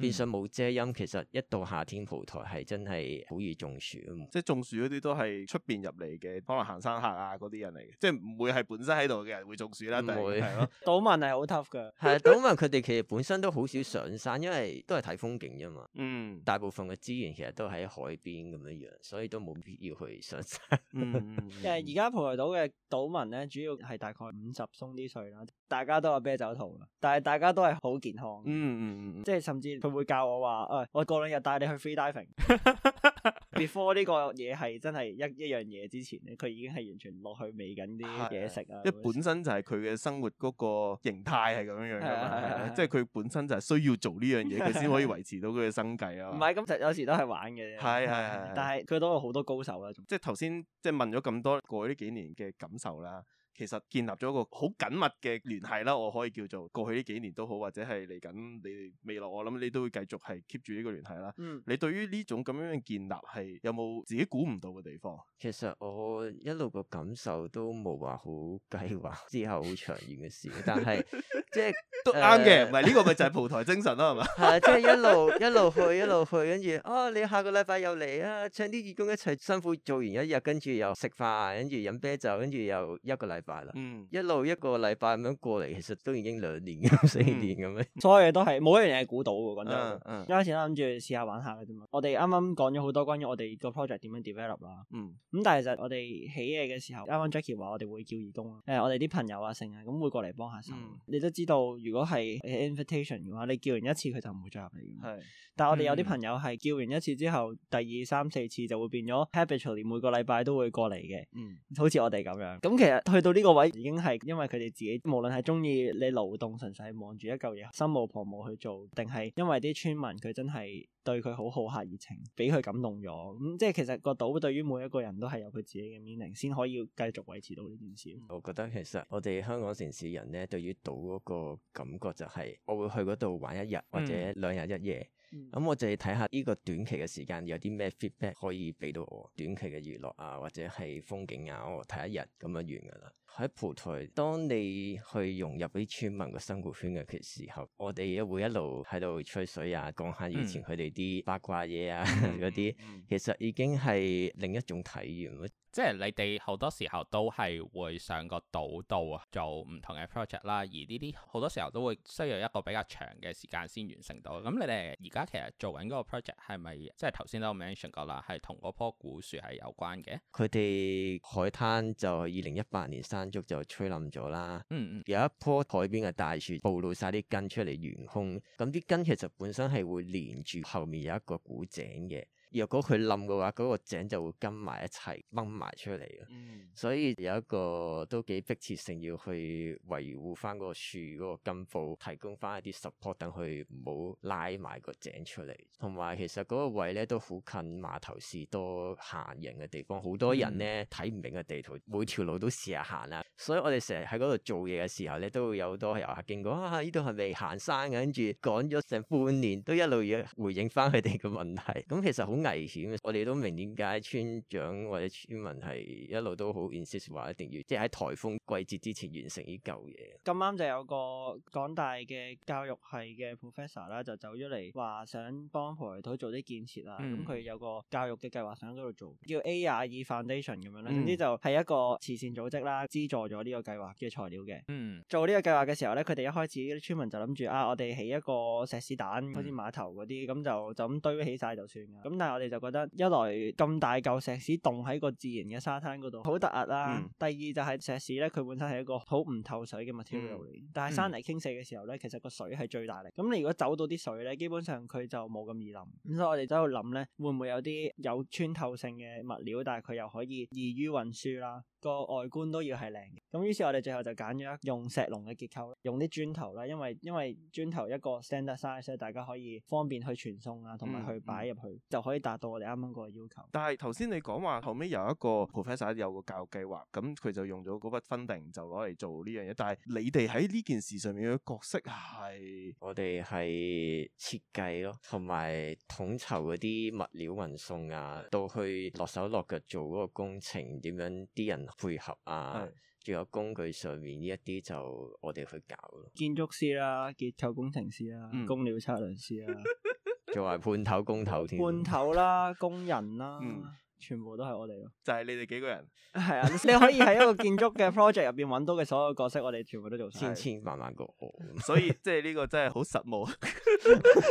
嗯、變相冇遮陰，其實一到夏天，蒲台係真係好易中暑。即係中暑嗰啲都係出邊入嚟嘅，可能行山客啊嗰啲人嚟嘅，即係唔會係本身喺度嘅人會中暑啦。唔會係咯。對 *laughs* 島民係好 tough 噶。係，島民佢哋其實本身都好少上山，因為都係睇風景啫嘛。嗯。大部分嘅資源其實都喺海邊咁樣樣，所以都冇必要去上山。嗯，嗯，嗯，嗯。誒，而家蒲台島嘅島民咧，主要係大概五十鬆啲水啦，大家都有啤酒肚啦，但係大家都係好健康。嗯，嗯嗯嗯。即係甚至。會教我話，誒、哎，我過兩日帶你去 free diving *laughs* before。before 呢個嘢係真係一一樣嘢之前咧，佢已經係完全落去味緊啲嘢食啊。因為本身就係佢嘅生活嗰個形態係咁樣樣噶 *laughs* *laughs* 即係佢本身就係需要做呢樣嘢，佢先可以維持到佢嘅生計啊。唔係， *laughs* *laughs* 咁就有時都係玩嘅。係係係，但係佢都有好多高手啦 *laughs* 即係頭先即係問咗咁多過去呢幾年嘅感受啦。其實建立咗一個好緊密嘅聯繫啦，我可以叫做過去呢幾年都好，或者係嚟緊你未來，我諗你都會繼續係 keep 住呢個聯繫啦。嗯、你對於呢種咁樣嘅建立係有冇自己估唔到嘅地方？其實我一路個感受都冇話好計劃之後好長遠嘅事，但係 *laughs* 即係都啱嘅，唔係呢個咪就係蒲台精神啦，係嘛？ *laughs* 係即係一路一路去一路去，跟住哦，你下個禮拜又嚟啊，請啲義工一齊辛苦做完一日，跟住又食飯，跟住飲啤酒，跟住又一個禮。拜啦，嗯，一路一個禮拜咁樣過嚟，其實都已經兩年四年咁樣，嗯、 *laughs* 所有嘢都係冇、嗯嗯、一樣嘢係估到我覺得，一開始諗住試下玩下嘅啫嘛。我哋啱啱講咗好多關於我哋個 project 點樣 develop 啦，嗯，咁但係其實我哋起嘢嘅時候，啱啱、嗯、Jackie 話我哋會叫義工誒、呃，我哋啲朋友啊，成日咁會過嚟幫下手。嗯、你都知道，如果係 invitation 嘅話，你叫完一次佢就唔會再入嚟係。是嗯、但係我哋有啲朋友係叫完一次之後，第二、三四次就會變咗 habitually 每個禮拜都會過嚟嘅，嗯，好似我哋咁樣。咁其實去到。到呢個位已經係因為佢哋自己，無論係中意你勞動，純粹係望住一嚿嘢心無旁騖去做，定係因為啲村民佢真係對佢好好客熱情，俾佢感動咗。咁、嗯、即係其實個島對於每一個人都係有佢自己嘅 meaning，先可以繼續維持到呢件事。我覺得其實我哋香港城市人咧，對於島嗰個感覺就係、是、我會去嗰度玩一日或者兩日一夜，咁、嗯嗯、我就要睇下呢個短期嘅時間有啲咩 feedback 可以俾到我，短期嘅娛樂啊，或者係風景啊，我睇一日咁樣完㗎啦。喺蒲台，當你去融入啲村民嘅生活圈嘅時候，我哋會一路喺度吹水講講啊，講下以前佢哋啲八卦嘢啊嗰啲，其實已經係另一種體驗。即係你哋好多時候都係會上個島度啊，做唔同嘅 project 啦，而呢啲好多時候都會需要一個比較長嘅時間先完成到。咁你哋而家其實做緊嗰個 project 係咪即係頭先都我 mention 過啦，係同嗰棵古樹係有關嘅？佢哋海灘就二零一八年山竹就吹冧咗啦，嗯、有一棵海邊嘅大樹暴露晒啲根出嚟懸空，咁啲根其實本身係會連住後面有一個古井嘅。若果佢冧嘅話，嗰個井就會跟埋一齊掹埋出嚟嘅，嗯、所以有一個都幾迫切性要去維護翻嗰個樹個根部，提供翻一啲 support 等佢唔好拉埋個井出嚟。同埋其實嗰個位咧都好近碼頭士多行人嘅地方，好多人咧睇唔明嘅地圖，每條路都試下行啊。所以我哋成日喺嗰度做嘢嘅時候咧，都會有好多遊客經過啊，呢度係咪行山啊？跟住趕咗成半年都一路要回應翻佢哋嘅問題。咁其實好危險嘅，我哋都明點解村長或者村民係一路都好 insist 話一定要，即係喺颱風季節之前完成呢舊嘢。咁啱就有個港大嘅教育系嘅 professor 啦，就走咗嚟話想幫蒲台做啲建設啊。咁佢、嗯、有個教育嘅計劃想嗰度做，叫 Ari、e、Foundation 咁樣咧。總之就係一個慈善組織啦，資助咗呢個計劃嘅材料嘅。嗯。做呢個計劃嘅時候咧，佢哋一開始啲村民就諗住啊，我哋起一個石屎蛋，好似碼頭嗰啲，咁就就咁堆起晒就算噶。咁但我哋就覺得，一來咁大嚿石屎棟喺個自然嘅沙灘嗰度，好突兀啦。第二就係石屎咧，佢本身係一個好唔透水嘅物質嚟。但係山泥傾瀉嘅時候咧，嗯、其實個水係最大力。咁你如果走到啲水咧，基本上佢就冇咁易冧。咁所以我哋喺度諗咧，會唔會有啲有穿透性嘅物料，但係佢又可以易於運輸啦，個外觀都要係靚。咁於是，我哋最後就揀咗用石籠嘅結構，用啲磚頭啦，因為因為磚頭一個 standard size 大家可以方便去傳送啊，同埋去擺入去、嗯嗯、就可以。達到我哋啱啱個要求。但係頭先你講話後尾有一個 professor 有個教育計劃，咁佢就用咗嗰筆分定就攞嚟做呢樣嘢。但係你哋喺呢件事上面嘅角色係？我哋係設計咯，同埋統籌嗰啲物料運送啊，到去落手落腳做嗰個工程點樣，啲人配合啊，仲是有工具上面呢一啲就我哋去搞咯。建築師啦、啊，結構工程師啦、啊，嗯、工料測量師啦、啊。 *laughs* 仲話係判頭、工頭添，判頭啦，工人啦。嗯全部都係我哋咯，就係你哋幾個人係啊？你可以喺一個建築嘅 project 入邊揾到嘅所有角色，我哋全部都做千千萬萬個我，所以即係呢個真係好實務。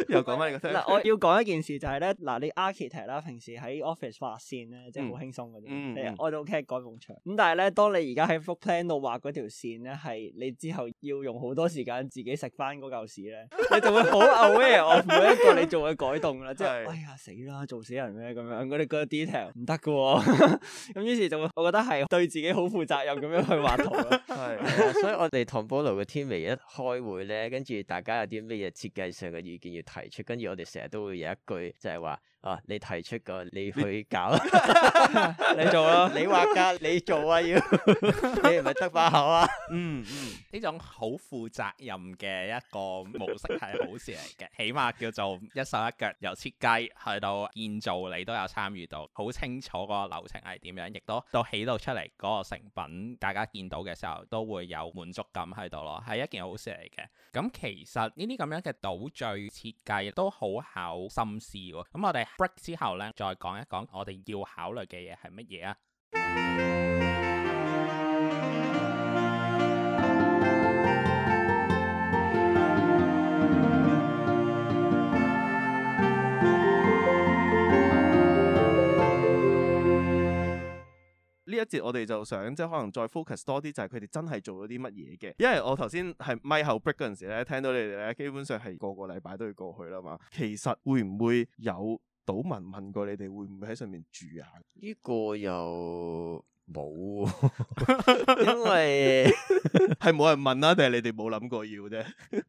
又講翻呢個，嗱，我要講一件事就係咧，嗱，你 architect 啦，平時喺 office 畫線咧，即係好輕鬆嗰啲，我都 ok 改幕牆。咁但係咧，當你而家喺幅 plan 度畫嗰條線咧，係你之後要用好多時間自己食翻嗰嚿屎咧，你就會好 aware 我每一個你做嘅改動啦，即係哎呀死啦，做死人咩咁樣啲 detail。唔得噶喎，咁、哦、 *laughs* 於是就我覺得係對自己好負責任咁樣去畫圖咯。係，所以我哋 Tombolo 嘅天微一開會咧，跟住大家有啲乜嘢設計上嘅意見要提出，跟住我哋成日都會有一句就係話。啊！你提出個，你去搞， *laughs* 你做咯吧， *laughs* 你話㗎，你做啊要， *laughs* 你唔係得把口啊？嗯嗯，呢種好負責任嘅一個模式係好事嚟嘅，起碼叫做一手一腳，由設計去到建造，你都有參與到，好清楚個流程係點樣，亦都到起到出嚟嗰個成品，大家見到嘅時候都會有滿足感喺度咯，係一件好事嚟嘅。咁其實呢啲咁樣嘅島嶼設計都好考心思，咁我哋。Break 之後咧，再講一講我哋要考慮嘅嘢係乜嘢啊？呢一節我哋就想即係可能再 focus 多啲，就係佢哋真係做咗啲乜嘢嘅。因為我頭先喺咪後 break 嗰陣時咧，聽到你哋咧，基本上係個個禮拜都要過去啦嘛。其實會唔會有？島民問過，你哋會唔會喺上面住下？呢個又～冇， *laughs* 因為係冇 *laughs* *laughs* 人問啦，啊，定係你哋冇諗過要啫？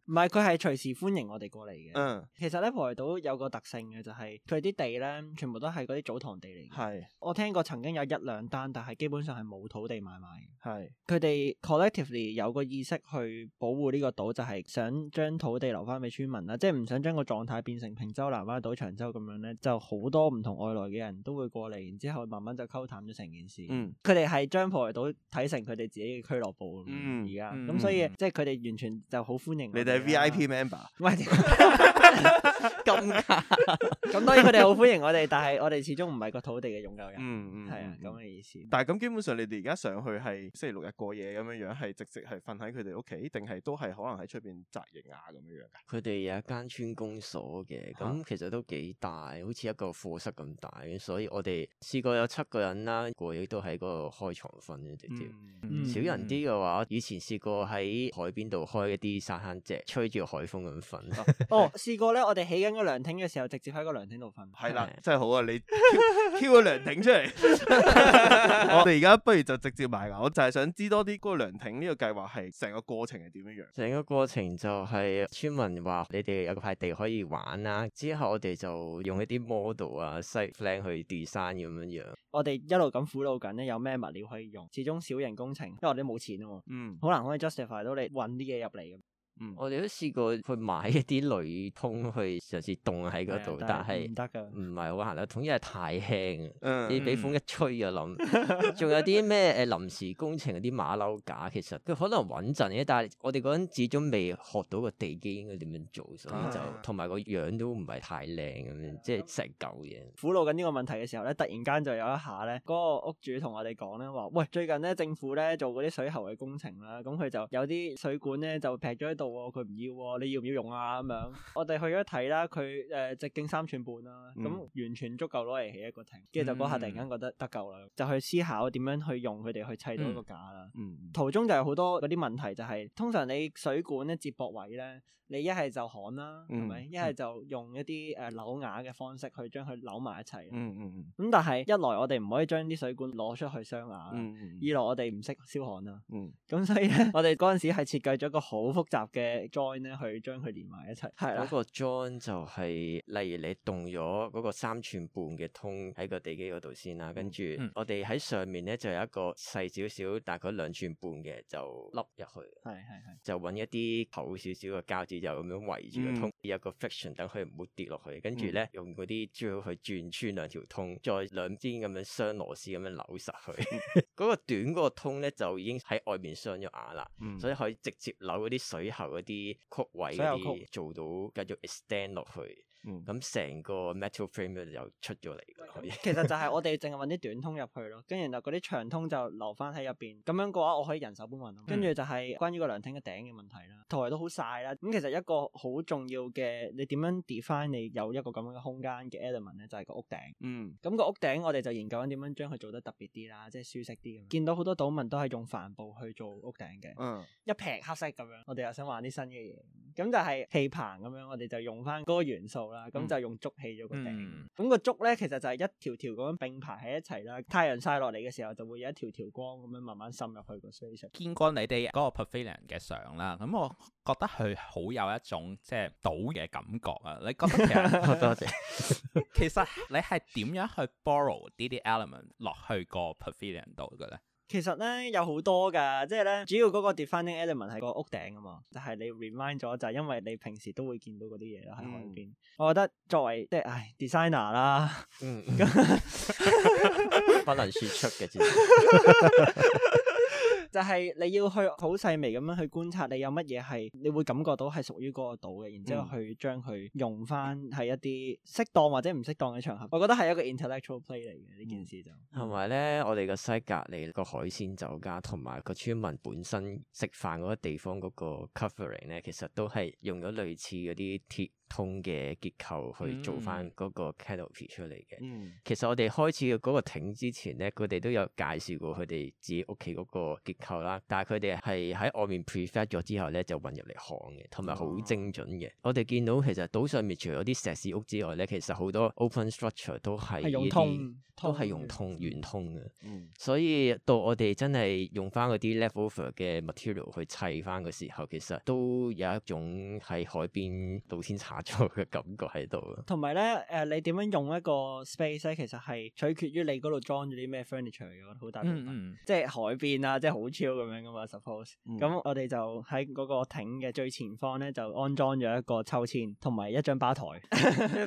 唔係佢係隨時歡迎我哋過嚟嘅。嗯，其實咧蒲台島有個特性嘅，就是，就係佢啲地咧全部都係嗰啲祖堂地嚟。係是我聽過曾經有一兩單，但係基本上係冇土地買賣。係佢哋 collectively 有個意識去保護呢個島，就係，是，想將土地留翻俾村民啦，即係唔想將個狀態變成平洲、南丫島、長洲咁樣咧，就好多唔同外來嘅人都會過嚟，然後之後慢慢就溝淡咗成件事。嗯。佢哋係將蒲台島睇成佢哋自己嘅俱樂部而家咁所以、嗯、即係佢哋完全就好歡迎你哋 VIP member，喂，咁咁當然佢哋好歡迎我哋，但係我哋始終唔係個土地嘅擁有人，係、嗯嗯、啊，咁嘅意思。但係咁基本上，你哋而家上去係星期六日過夜咁樣樣，係直接係瞓喺佢哋屋企，定係都係可能喺出邊紮營啊咁樣樣嘅？佢哋有一間村公所嘅，咁其實都幾大，好似一個課室咁大，所以我哋試過有七個人啦過夜都喺嗰、嗰個。開床瞓直接少人啲嘅話，以前試過喺海邊度開一啲沙灘席，吹住海風咁瞓。哦，試過咧，我哋起緊個涼亭嘅時候，直接喺個涼亭度瞓。係啦，真係好啊！你挑個涼亭出嚟，我哋而家不如就直接買啦。我就係想知多啲嗰個涼亭呢個計劃係成個過程係點樣樣。成個過程就係村民話你哋有塊地可以玩啦，之後我哋就用一啲 model 啊、site plan 去 design 咁樣樣。我哋一路咁苦惱緊咧，有咩？咩物料可以用？始終小型工程，因為我哋冇錢啊，嗯、好難可以 justify 到你揾啲嘢入嚟咁。嗯，我哋都試過去買一啲鋁通去嘗試凍喺嗰度的但係唔得噶，唔係好行啦。總之係太輕，嗯，你俾風一吹就冧。仲、嗯、 *laughs* 有啲咩誒臨時工程嗰啲馬騮架，其實佢可能穩陣嘅，但係我哋嗰陣始終未學到個地基應該點樣做，所以就同埋個樣都唔係太靚咁樣，嗯、即係成舊嘢。苦惱緊呢個問題嘅時候咧，突然間就有一下咧，嗰個屋主同我哋講咧，話喂，最近咧政府咧做嗰啲水喉嘅工程啦，咁佢就有啲水管咧就劈咗喺度。」佢唔要喎、啊，你要唔要用啊？咁 *laughs* 樣，我哋去咗睇啦，佢誒直徑三寸半啦，咁完全足夠攞嚟起一個亭。跟住就嗰下突然間覺得得夠啦，就去思考點樣用去用佢哋去砌到一個架啦。嗯嗯、途中就有好多嗰啲問題、就是，就係通常你水管咧接駁位咧，你一係就焊啦，係咪、嗯？一係就用一啲誒扭牙嘅方式去將佢扭埋一齊、嗯。嗯咁但係一來我哋唔可以將啲水管攞出去雙牙，嗯嗯、二來我哋唔識燒焊啊。嗯。咁所以咧，我哋嗰陣時係設計咗一個好複雜。嘅 join 咧，去將佢連埋一齊，嗰個 join 就係例如你動咗嗰個三寸半嘅通喺個地基嗰度先啦，跟住我哋喺上面咧就有一個細少少，大概兩寸半嘅就凹入去。係係係。就揾一啲厚少少嘅膠紙就咁樣圍住個通，有個 friction 等佢唔好跌落去，跟住咧用嗰啲鑽去轉穿兩條通，再兩邊咁樣雙螺絲咁樣扭實佢。嗰個短嗰個通咧就已經喺外面鑲咗牙啦，所以可以直接扭嗰啲水頭一啲曲位嗰啲做到繼續 extend 落去。嗯，咁成、嗯、個 metal frame 又出咗嚟噶啦，嗯、以其實就係我哋淨係搵啲短通入去咯，跟住就嗰啲長通就留翻喺入邊，咁樣嘅話我可以人手搬運。跟住、嗯、就係關於個涼亭嘅頂嘅問題啦，台都好晒啦，咁、嗯、其實一個好重要嘅，你點樣 define 你有一個咁樣嘅空間嘅 element 咧，就係、是、個屋頂。嗯，咁、嗯、個屋頂我哋就研究緊點樣將佢做得特別啲啦，即係舒適啲。見到好多島民都係用帆布去做屋頂嘅，嗯，一撇黑色咁樣，我哋又想玩啲新嘅嘢，咁就係戲棚咁樣，我哋就用翻嗰個元素。咁、嗯、就用竹器做個頂，咁、嗯、個竹咧其實就係一條條咁並排喺一齊啦。太陽曬落嚟嘅時候，就會有一條條光咁樣慢慢滲入去個身上。見過你哋嗰個 pavilion 嘅相啦，咁我覺得佢好有一種即係島嘅感覺啊。你覺得其實？多謝。其實你係點樣去 borrow 呢啲 element 落去個 pavilion 度嘅咧？其實咧有好多㗎，即係咧主要嗰個 defining element 係個屋頂啊嘛，就係、是、你 remind 咗，就係、是、因為你平時都會見到嗰啲嘢啦喺外邊。嗯、我覺得作為即係唉 designer 啦，嗯，不能説出嘅。 *laughs* *laughs* 就係你要去好細微咁樣去觀察，你有乜嘢係你會感覺到係屬於嗰個島嘅，然之後去將佢用翻喺一啲適當或者唔適當嘅場合。我覺得係一個 intellectual play 嚟嘅呢件事就。同埋咧，我哋個西隔籬個海鮮酒家同埋個村民本身食飯嗰個地方嗰個 covering 咧，其實都係用咗類似嗰啲鐵，通嘅結構去做翻個 canopy 出嚟嘅。嗯，其實我哋開始嘅嗰個艇之前咧，佢哋都有介紹過佢哋自己屋企個結構啦。但係佢哋係喺外面 p r e f e c 咗之後咧，就運入嚟焊嘅，同埋好精準嘅。我哋見到其實島上面除咗啲石屎屋之外咧，其實好多 open structure 都係通，都係用通圓通嘅。所以到我哋真係用翻啲 leftover 嘅 material 去砌翻嘅時候，其實都有一種喺海邊露天產嘅感覺喺度同埋咧，誒，你點樣用一個 space 咧？其實係取決於你嗰度裝咗啲咩 furniture 嘅，好大分別。嗯嗯、即係海邊啊，即係好超咁樣噶嘛。Suppose 咁，嗯、我哋就喺嗰個亭嘅最前方咧，就安裝咗一個韆鞦，同埋一張吧台。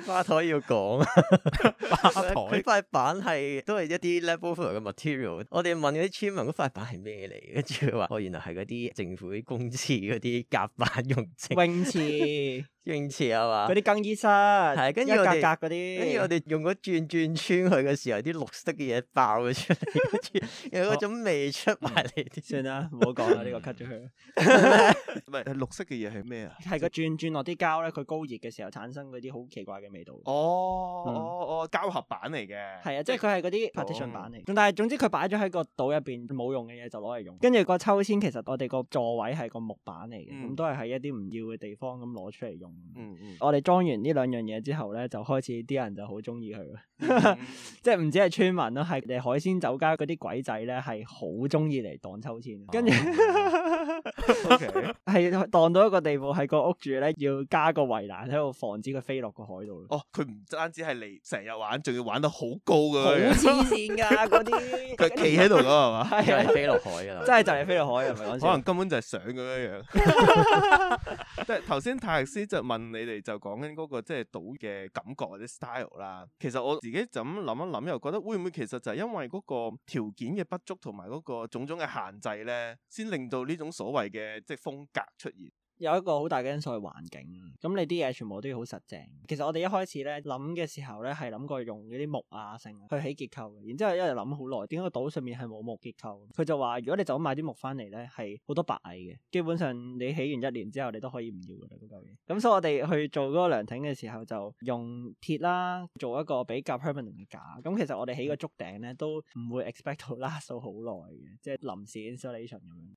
吧台 *laughs* 要講，吧台塊板係都係一啲 level four 嘅 material。我哋問嗰啲村民，a 嗰塊板係咩嚟？跟住佢話：我原來係嗰啲政府公廁嗰啲夾板用。泳 *laughs* 池。泳池啊嘛，嗰啲更衣室，係，一格格嗰啲。跟住我哋用嗰轉轉穿佢嘅時候，啲綠色嘅嘢爆咗出嚟，跟住有嗰種味出埋嚟。算啦，唔好講啦，呢個 cut 咗佢。唔係，綠色嘅嘢係咩啊？係個轉轉落啲膠咧，佢高熱嘅時候產生嗰啲好奇怪嘅味道。哦，哦哦，膠合板嚟嘅。係啊，即係佢係嗰啲 partition 板嚟。但係總之佢擺咗喺個島入邊冇用嘅嘢就攞嚟用。跟住個韆鞦其實我哋個座位係個木板嚟嘅，咁都係喺一啲唔要嘅地方咁攞出嚟用。嗯嗯，我哋裝完呢兩樣嘢之後咧，就開始啲人就好中意佢，即係唔止係村民咯，係嚟海鮮酒家嗰啲鬼仔咧，係好中意嚟蕩秋千，跟住 OK 係盪到一個地步，喺個屋住咧要加個圍欄喺度防止佢飛落個海度。哦，佢唔單止係嚟成日玩，仲要玩得好高嘅，好黐線噶嗰啲，佢企喺度咯，係嘛，就係飛落海噶啦，真係就係飛落海，係咪講？可能根本就係想咁樣樣，即係頭先泰斯就。問你哋就講緊嗰個即係島嘅感覺或者 style 啦，其實我自己就咁諗一諗，又覺得會唔會其實就係因為嗰個條件嘅不足同埋嗰個種種嘅限制咧，先令到呢種所謂嘅即係風格出現。有一個好大嘅因素係環境啊，咁你啲嘢全部都要好實淨。其實我哋一開始咧諗嘅時候咧，係諗過用嗰啲木啊，成去起結構。然之後一日諗好耐，點解個島上面係冇木結構？佢就話如果你就咁買啲木翻嚟咧，係好多白蟻嘅。基本上你起完一年之後，你都可以唔要嗰嚿嘢。咁所以我哋去做嗰個涼亭嘅時候，就用鐵啦，做一個比較 permanent 嘅架。咁其實我哋起個竹頂咧，都唔會 expect 到 last 好耐嘅，即係臨時 installation 咁樣。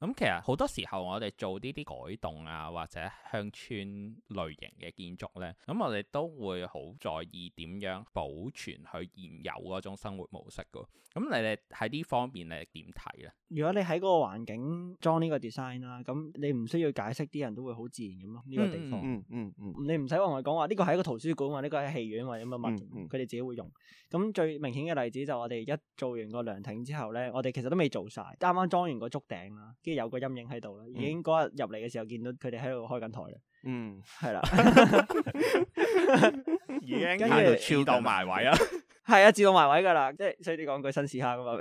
咁其實好多時候我哋做呢啲改動啊，或者鄉村類型嘅建築咧，咁我哋都會好在意點樣保存佢現有嗰種生活模式噶咁你哋喺呢方面你哋點睇咧？如果你喺嗰個環境裝呢個 design 啦，咁你唔需要解釋，啲人都會好自然咁咯。呢個地方，嗯嗯嗯，你唔使同佢講話呢個係一個圖書館或者呢個係戲院或者乜嘛，佢哋自己會用。咁最明顯嘅例子就係我哋一做完個涼亭之後咧，我哋其實都未做晒，啱啱裝完個竹頂啦。有個陰影喺度啦，嗯、已經嗰日入嚟嘅時候見到佢哋喺度開緊台啦。嗯，係啦，已經喺度超鬥埋位啦。 *laughs* 係啊，自動埋位㗎啦，即係所以你講句新視下咁啊，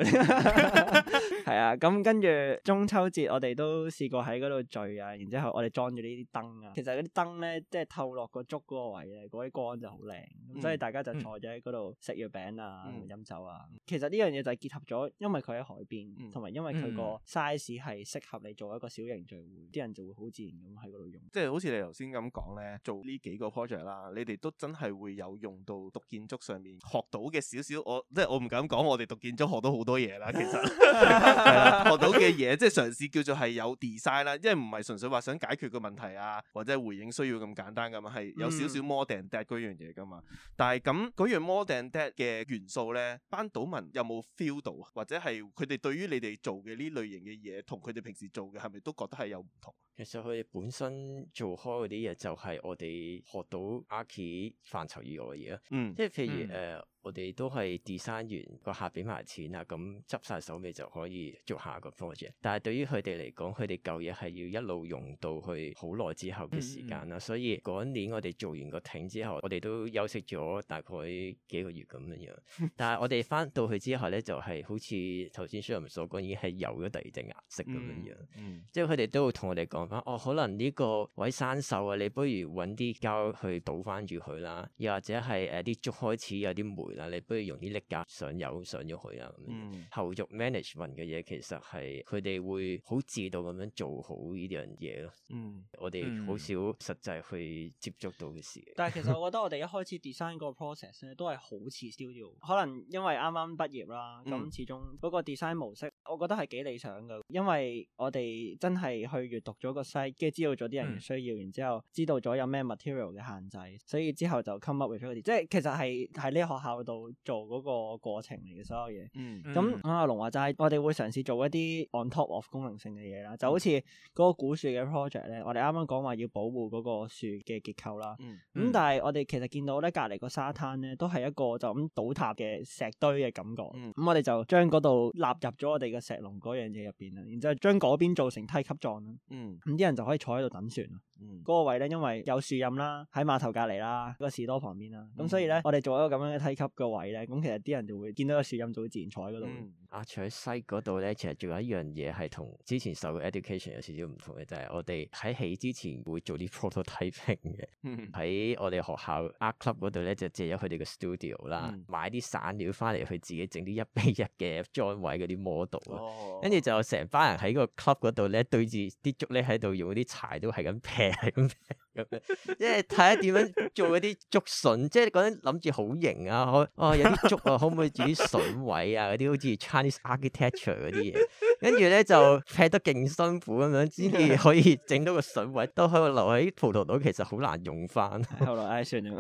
係啊，咁 *laughs* *laughs* 跟住中秋節我哋都試過喺嗰度聚啊，然之後我哋裝咗呢啲燈啊，其實嗰啲燈咧，即係透落個竹嗰個位咧，嗰啲光就好靚，嗯、所以大家就坐咗喺嗰度食月餅啊、飲、嗯、酒啊。其實呢樣嘢就係結合咗，因為佢喺海邊，同埋因為佢個 size 係、嗯、適合你做一個小型聚會，啲人就會好自然咁喺嗰度用。即係好似你頭先咁講咧，做呢幾個 project 啦，你哋都真係會有用到讀建築上面學到嘅。少少我即係我唔敢講，我哋讀建築學到好多嘢啦，其實係啦， *laughs* 學到嘅嘢即係嘗試叫做係有 design 啦，因為唔係純粹話想解決個問題啊，或者係回應需要咁簡單噶嘛，係有少少 more than that 嗰樣嘢噶嘛。但係咁嗰樣、那個、more than that 嘅元素咧，班島民有冇 feel 到啊？或者係佢哋對於你哋做嘅呢類型嘅嘢，同佢哋平時做嘅係咪都覺得係有唔同？其實佢哋本身做開嗰啲嘢，就係我哋學到 Archi 範疇以外嘅嘢啦。嗯如，即係譬如誒，我哋都係 design 完個客俾埋錢啊，咁執晒手尾就可以做下個 project。但係對於佢哋嚟講，佢哋舊嘢係要一路用到去好耐之後嘅時間啦。所以嗰年我哋做完個亭之後，我哋都休息咗大概幾個月咁樣樣。但係我哋返到去之後咧，就係、是、好似頭先 Sherman 所講，已經係有咗第二隻顏色咁樣樣。嗯嗯、即係佢哋都會同我哋講。哦，可能呢個位生鏽啊，你不如揾啲膠去倒翻住佢啦，又或者係誒啲竹開始有啲霉啦，你不如用啲力甲上油上咗佢啦。嗯、後續 management 嘅嘢其實係佢哋會好自動咁樣做好呢樣嘢咯。嗯，我哋好少實際去接觸到嘅事、嗯。嗯、 *laughs* 但係其實我覺得我哋一開始 design 個 process 咧都係好似 studio *laughs* 可能因為啱啱畢業啦，咁始終嗰個 design 模式我覺得係幾理想嘅，因為我哋真係去閱讀咗。個 size 知道咗啲人嘅需要，然之後知道咗有咩 material 嘅限制，所以之後就 come up with 嚟出嚟，即係其實係喺呢學校度做嗰個過程嚟嘅所有嘢。嗯，咁阿龍話齋我哋會嘗試做一啲 on top of 功能性嘅嘢啦，就好似嗰個古樹嘅 project 咧，我哋啱啱講話要保護嗰個樹嘅結構啦。咁、嗯嗯嗯、但係我哋其實見到咧隔籬個沙灘咧都係一個就咁倒塌嘅石堆嘅感覺。咁我哋就將嗰度納入咗我哋嘅石籠嗰樣嘢入邊啦，然之後將嗰邊做成梯級狀啦。嗯。嗯咁啲人就可以坐喺度等船啦。嗰、嗯、個位咧，因為有樹蔭啦，喺碼頭隔離啦，個士多旁邊啦，咁、嗯、所以咧，我哋做一個咁樣嘅梯級嘅位咧，咁其實啲人就會見到個樹蔭就會自然坐喺嗰度。阿、嗯啊、除喺西嗰度咧，其實仲有一樣嘢係同之前受嘅 education 有少少唔同嘅，就係、是、我哋喺起之前會做啲 prototyping 嘅。喺、嗯、我哋學校 club 嗰度咧，就借咗佢哋嘅 studio 啦、嗯，買啲散料翻嚟去自己、哦、整啲一比一嘅 join 位嗰啲 model 啊，跟住就成班人喺個 club 嗰度咧，對住啲竹咧喺度用啲柴都係咁劈。係咁樣，即係睇下點樣做嗰啲竹榫，即係你覺得諗住好型啊？哦，有啲竹啊，竹可唔可以做啲榫位啊？嗰啲好似 Chinese architecture 嗰啲嘢，跟住咧就劈得勁辛苦咁樣，先至可以整到個榫位，都可以留喺蒲台島，其實好難用翻。後來唉，算啦。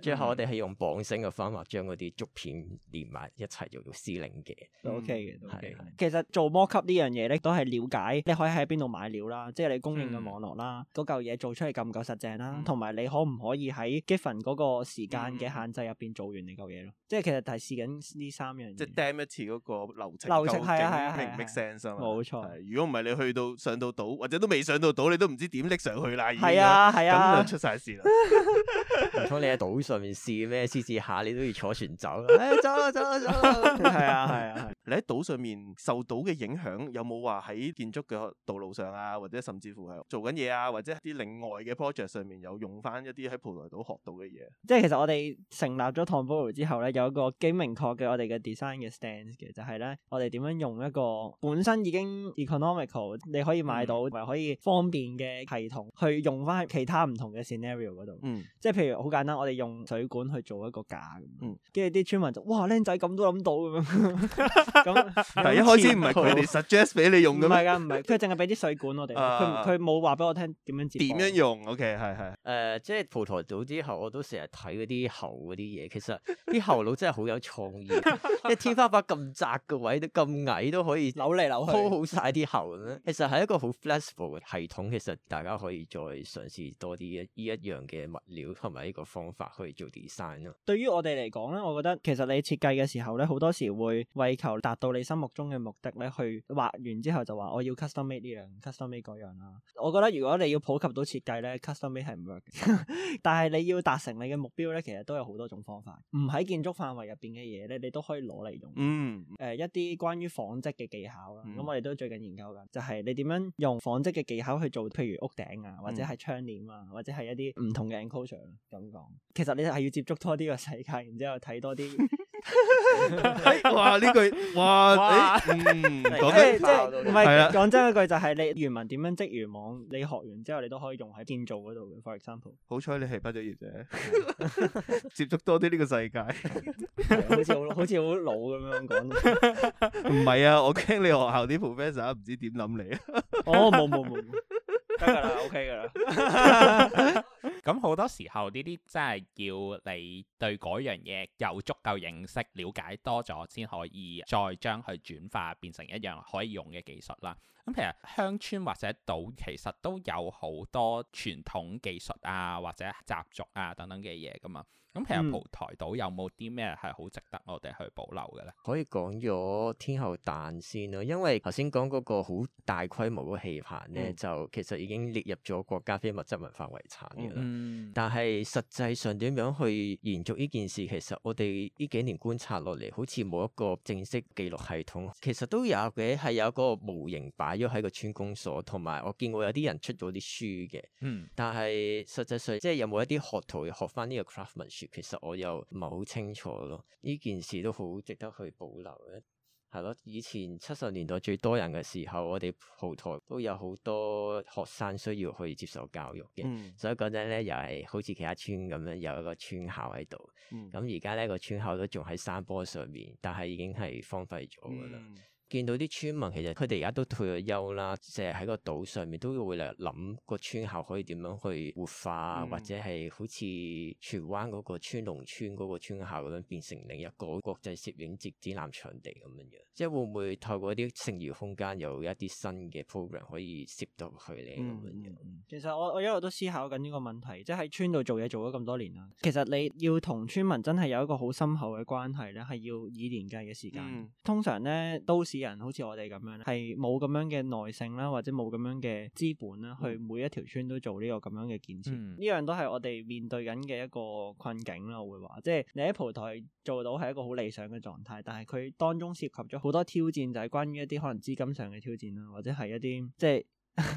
最後我哋係用綁繩嘅方法，將嗰啲竹片連埋一齊做司令嘅。O K 嘅，O K。其實做摩吸呢樣嘢咧，都係了解，你可以喺邊度買料啦，即係你。供應嘅網絡啦，嗰嚿嘢做出嚟夠唔夠實淨啦，同埋你可唔可以喺 given 嗰個時間嘅限制入邊做完呢嚿嘢咯？即係其實係試緊呢三樣嘢。即係 dam 一次嗰個流程流程係係係 make sense 冇錯。如果唔係你去到上到島，或者都未上到島，你都唔知點拎上去啦。係啊係啊，咁就出晒事啦。如果你喺島上面試咩？試試下你都要坐船走。哎，走啦走啦走啦係啊係啊，你喺島上面受到嘅影響有冇話喺建築嘅道路上啊，或者甚至？似乎係做緊嘢啊，或者一啲另外嘅 project 上面有用翻一啲喺蒲台島學到嘅嘢。即係其實我哋成立咗 Tombolo 之後咧，有一個幾明確嘅我哋嘅 design 嘅 stance 嘅，就係咧，我哋點樣用一個本身已經 economical 你可以買到，同埋、嗯、可以方便嘅系統去用翻喺其他唔同嘅 scenario 嗰度。嗯。即係譬如好簡單，我哋用水管去做一個架咁，嗯。跟住啲村民就哇，靚仔咁都諗到咁。咁 *laughs* 那，第 *laughs* 一開始唔係佢哋 suggest 俾你用噶，唔係噶，唔係佢淨係俾啲水管我哋。佢冇話俾我聽點樣接點樣用？OK，係係誒，即係蒲台島之後，我都成日睇嗰啲喉嗰啲嘢。其實啲喉腦真係好有創意，即 *laughs* 天花板咁窄個位 *laughs* 都咁矮，都可以扭嚟扭去，好曬啲喉咁樣。其實係一個好 flexible 嘅系統。其實大家可以再嘗試多啲呢一樣嘅物料同埋呢個方法去做 design 咯。對於我哋嚟講咧，我覺得其實你設計嘅時候咧，好多時會為求達到你心目中嘅目的咧，去畫完之後就話我要 one, custom made 呢樣，custom made 嗰樣啦。我覺得如果你要普及到設計咧，custom made 係唔 work 嘅。 *laughs* 但係你要達成你嘅目標咧，其實都有好多種方法。唔喺建築範圍入邊嘅嘢咧，你都可以攞嚟用。嗯，誒、呃，一啲關於紡織嘅技巧啦，咁、嗯、我哋都最近研究緊，就係、是、你點樣用紡織嘅技巧去做，譬如屋頂啊，或者係窗簾啊，或者係一啲唔同嘅 enclosure 咁講。其實你係要接觸多啲個世界，然之後睇多啲。 *laughs* *laughs* 哇！呢句哇，哇欸、嗯，唔係啦。講 *laughs* 真一句，就係、是、你原文點樣織漁網，你學完之後你都可以用喺建造嗰度嘅。For example，好彩你係畢咗業啫， *laughs* 接觸多啲呢個世界， *laughs* 好似好好似好老咁樣講。唔係 *laughs* 啊，我驚你學校啲 professor 唔知點諗你啊。 *laughs* 哦，冇冇冇，得噶啦，OK 噶啦。 *laughs* 咁好多時候呢啲真係要你對嗰樣嘢有足夠認識、了解多咗，先可以再將佢轉化變成一樣可以用嘅技術啦。咁其實鄉村或者島其實都有好多傳統技術啊，或者習俗啊等等嘅嘢㗎嘛。咁其實蒲台島有冇啲咩係好值得我哋去保留嘅咧？可以講咗天后誕先啦，因為頭先講嗰個好大規模嘅戲棚咧，嗯、就其實已經列入咗國家非物質文化遺產嘅啦。嗯、但係實際上點樣去延續呢件事？其實我哋呢幾年觀察落嚟，好似冇一個正式記錄系統。其實都有嘅，係有個模型擺咗喺個村公所，同埋我見過有啲人出咗啲書嘅。嗯。但係實際上即係有冇一啲學徒學翻呢個 craftmanship？其實我又唔係好清楚咯，呢件事都好值得去保留嘅，係咯。以前七十年代最多人嘅時候，我哋蒲台都有好多學生需要去接受教育嘅，嗯、所以嗰陣咧又係好似其他村咁樣有一個村校喺度。咁而家咧個村校都仲喺山坡上面，但係已經係荒廢咗噶啦。嗯見到啲村民其實佢哋而家都退咗休啦，成日喺個島上面都會嚟諗個村校可以點樣去活化，嗯、或者係好似荃灣嗰個村農村嗰個村校咁樣變成另一個國際攝影節展,展覽場地咁樣。即係、就是、會唔會透過啲剩餘空間有一啲新嘅 program 可以攝到佢咧咁樣？嗯嗯嗯、其實我我一路都思考緊呢個問題，即係喺村度做嘢做咗咁多年啦。其實你要同村民真係有一個好深厚嘅關係咧，係要以年計嘅時間。嗯、通常咧都市。人好似我哋咁樣，係冇咁樣嘅耐性啦，或者冇咁樣嘅資本啦，嗯、去每一條村都做呢、這個咁樣嘅建設。呢、嗯、樣都係我哋面對緊嘅一個困境啦。我會話，即係你喺蒲台做到係一個好理想嘅狀態，但係佢當中涉及咗好多挑戰，就係、是、關於一啲可能資金上嘅挑戰啦，或者係一啲即係。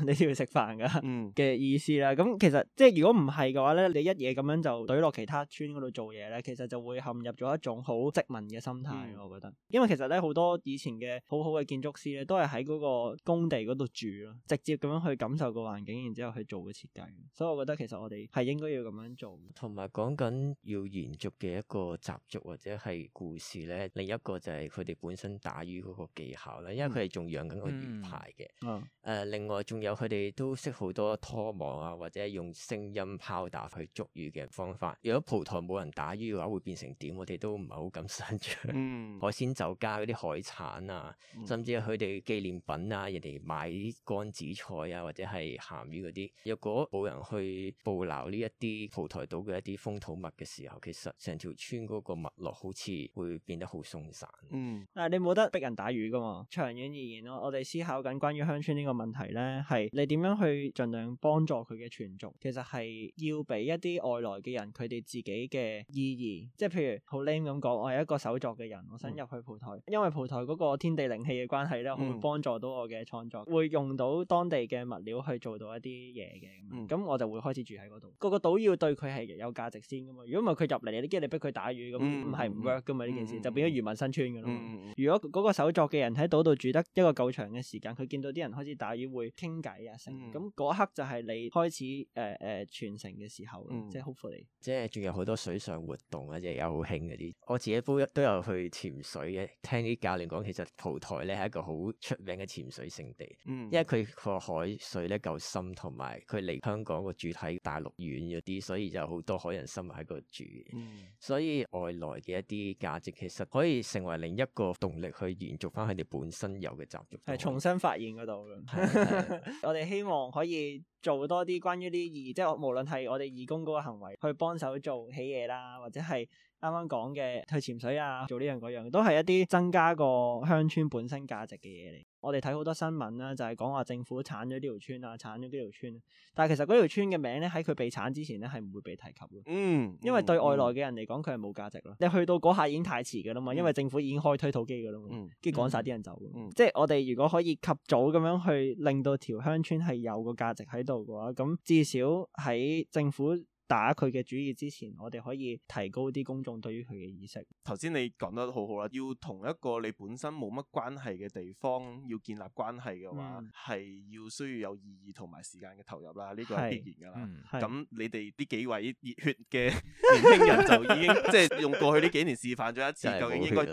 你要食飯㗎嘅意思啦，咁其實即係如果唔係嘅話咧，你一嘢咁樣就懟落其他村嗰度做嘢咧，其實就會陷入咗一種好殖民嘅心態。我覺得，因為其實咧好多以前嘅好好嘅建築師咧，都係喺嗰個工地嗰度住咯，直接咁樣去感受個環境，然之後去做個設計。所以我覺得其實我哋係應該要咁樣做。同埋講緊要延續嘅一個習俗或者係故事咧，另一個就係佢哋本身打魚嗰個技巧啦，因為佢哋仲養緊個魚排嘅。誒，另外。仲有佢哋都識好多拖網啊，或者用聲音拋打去捉魚嘅方法。如果蒲台冇人打魚嘅話，會變成點？我哋都唔係好敢想象。嗯、加海鮮酒家嗰啲海產啊，甚至佢哋紀念品啊，人哋買乾紫菜啊，或者係鹹魚嗰啲。若果冇人去捕撈呢一啲蒲台島嘅一啲風土物嘅時候，其實成條村嗰個脈絡好似會變得好鬆散。嗯，但係你冇得逼人打魚㗎嘛？長遠而言咯，我哋思考緊關於鄉村呢個問題咧。係你點樣去盡量幫助佢嘅存續？其實係要俾一啲外來嘅人佢哋自己嘅意義，即係譬如好 lame 咁講，我係一個手作嘅人，我想入去蒲台，因為蒲台嗰個天地靈氣嘅關係咧，嗯、我會幫助到我嘅創作，會用到當地嘅物料去做到一啲嘢嘅，咁我就會開始住喺嗰度，個個島要對佢係有價值先噶嘛，如果唔係佢入嚟，你驚你逼佢打魚咁，唔係唔 work 噶嘛呢、嗯、件事，就變咗漁民新村噶啦。嗯嗯、如果嗰個手作嘅人喺島度住得一個夠長嘅時間，佢見到啲人開始打魚會。傾偈啊，成咁嗰刻就係你開始誒誒、呃呃、傳承嘅時候，嗯、即係 hopefully。即係仲有好多水上活動啊，即係有好興嗰啲。我自己都都有去潛水嘅，聽啲教練講，其實蒲台咧係一個好出名嘅潛水勝地，嗯、因為佢個海水咧夠深，同埋佢離香港個主體大陸遠咗啲，所以就好多海洋生物喺嗰度住。嗯、所以外來嘅一啲價值其實可以成為另一個動力去延續翻佢哋本身有嘅習俗，係重新發現嗰度。 *laughs* 我哋希望可以。做多啲關於呢啲義，即係我無論係我哋義工嗰個行為，去幫手做起嘢啦，或者係啱啱講嘅去潛水啊，做呢樣嗰樣，都係一啲增加個鄉村本身價值嘅嘢嚟。我哋睇好多新聞啦、啊，就係講話政府剷咗呢條村啊，剷咗呢條村、啊，但係其實嗰條村嘅名咧，喺佢被剷之前咧，係唔會被提及嘅、嗯。嗯，因為對外來嘅人嚟講，佢係冇價值咯。你去到嗰下已經太遲㗎喇嘛，因為政府已經開推土機㗎喇嘛，跟住、嗯嗯嗯、趕晒啲人走。嗯嗯嗯、即係我哋如果可以及早咁樣去令到條鄉村係有個價值喺度，嘅話，咁至少喺政府打佢嘅主意之前，我哋可以提高啲公眾對於佢嘅意識。頭先你講得好好啦，要同一個你本身冇乜關係嘅地方要建立關係嘅話，係、嗯、要需要有意義同埋時間嘅投入啦。呢、這個係必然噶啦。咁、嗯、你哋呢幾位熱血嘅年輕人就已經 *laughs* 即係用過去呢幾年示範咗一次， *laughs* 究竟應該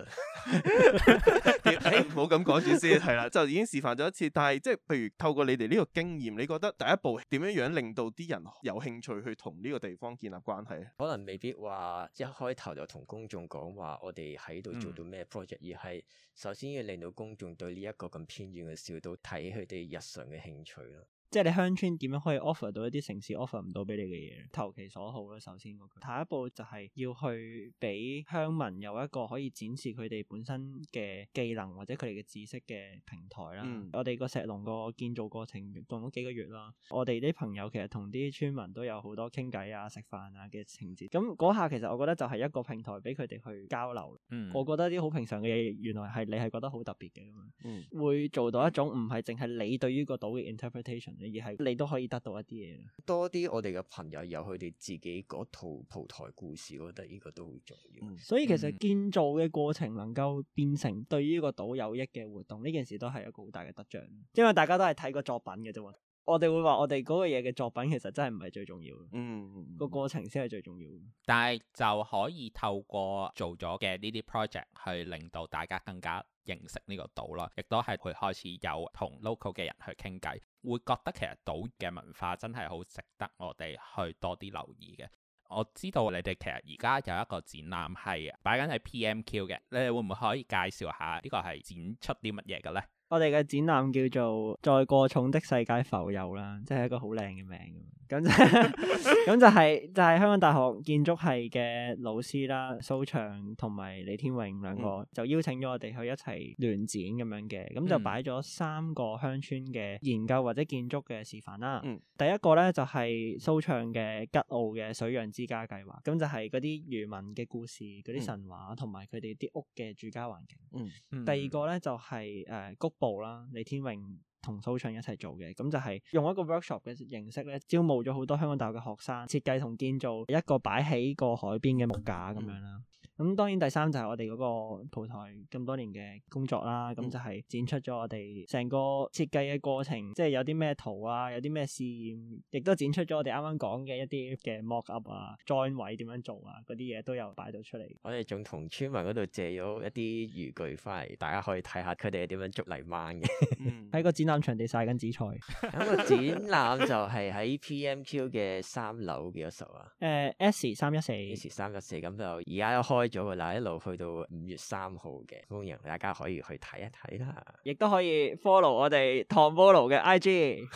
唔好咁講住先係啦， *laughs* *laughs* 就已經示範咗一次。但係即係譬如透過你哋呢個經驗，你覺得第一步點樣樣令到啲人有興趣去同呢個地。地？地方建立關係，可能未必話一開頭就同公眾講話，我哋喺度做到咩 project，、嗯、而係首先要令到公眾對呢一個咁偏遠嘅小島睇佢哋日常嘅興趣咯。即係你鄉村點樣可以 offer 到一啲城市 offer 唔到俾你嘅嘢？投其所好咯，首先嗰句。第一步就係要去俾鄉民有一個可以展示佢哋本身嘅技能或者佢哋嘅知識嘅平台啦。嗯、我哋個石龍個建造過程用咗幾個月啦。我哋啲朋友其實同啲村民都有好多傾偈啊、食飯啊嘅情節。咁嗰下其實我覺得就係一個平台俾佢哋去交流。嗯、我覺得啲好平常嘅嘢，原來係你係覺得好特別嘅咁會做到一種唔係淨係你對於個島嘅 interpretation。而係你都可以得到一啲嘢，多啲我哋嘅朋友有佢哋自己嗰套蒲台故事，我覺得呢個都好重要、嗯。所以其實建造嘅過程、嗯、能夠變成對於個島有益嘅活動，呢件事都係一個好大嘅得獎，因為大家都係睇個作品嘅啫。我哋會話我哋嗰個嘢嘅作品其實真係唔係最重要嘅，嗯嗯嗯、個過程先係最重要。但係就可以透過做咗嘅呢啲 project 去令到大家更加認識呢個島啦，亦都係會開始有同 local 嘅人去傾偈，會覺得其實島嘅文化真係好值得我哋去多啲留意嘅。我知道你哋其實而家有一個展覽係擺緊喺 PMQ 嘅，你哋會唔會可以介紹下呢個係展出啲乜嘢嘅呢？我哋嘅展覽叫做《在過重的世界浮游》啦，即係一個好靚嘅名咁，咁 *laughs* *laughs* 就咁、是、就係、是、香港大學建築系嘅老師啦，蘇暢同埋李天榮兩個就邀請咗我哋去一齊聯展咁樣嘅，咁、嗯、就擺咗三個鄉村嘅研究或者建築嘅示範啦。嗯、第一個咧就係、是、蘇暢嘅吉澳嘅水漾之家計劃，咁、嗯、就係嗰啲漁民嘅故事、嗰啲神話同埋佢哋啲屋嘅住家環境。嗯嗯、第二個咧就係、是、誒、呃呃、谷部啦，李天榮同蘇暢一齊做嘅，咁就係用一個 workshop 嘅形式咧，招募咗好多香港大學嘅學生，設計同建造一個擺喺個海邊嘅木架咁樣啦。咁當然第三就係我哋嗰個蒲台咁多年嘅工作啦，咁、嗯嗯、就係展出咗我哋成個設計嘅過程，即係有啲咩圖啊，有啲咩試驗，亦都展出咗我哋啱啱講嘅一啲嘅 mock up 啊，join 位點樣做啊，嗰啲嘢都有擺到出嚟。我哋仲同村民嗰度借咗一啲漁具翻嚟，大家可以睇下佢哋點樣捉泥鰻嘅。喺、嗯、 *laughs* 個展覽場地曬緊紫菜。咁 *laughs* 個展覽就係喺 PMQ 嘅三樓幾多層啊？誒 S 三一四。S 三一四，咁就而家開咗噶啦，一路去到五月三號嘅，歡迎大家可以去睇一睇啦，亦都可以 follow 我哋 Tombolo 嘅 IG，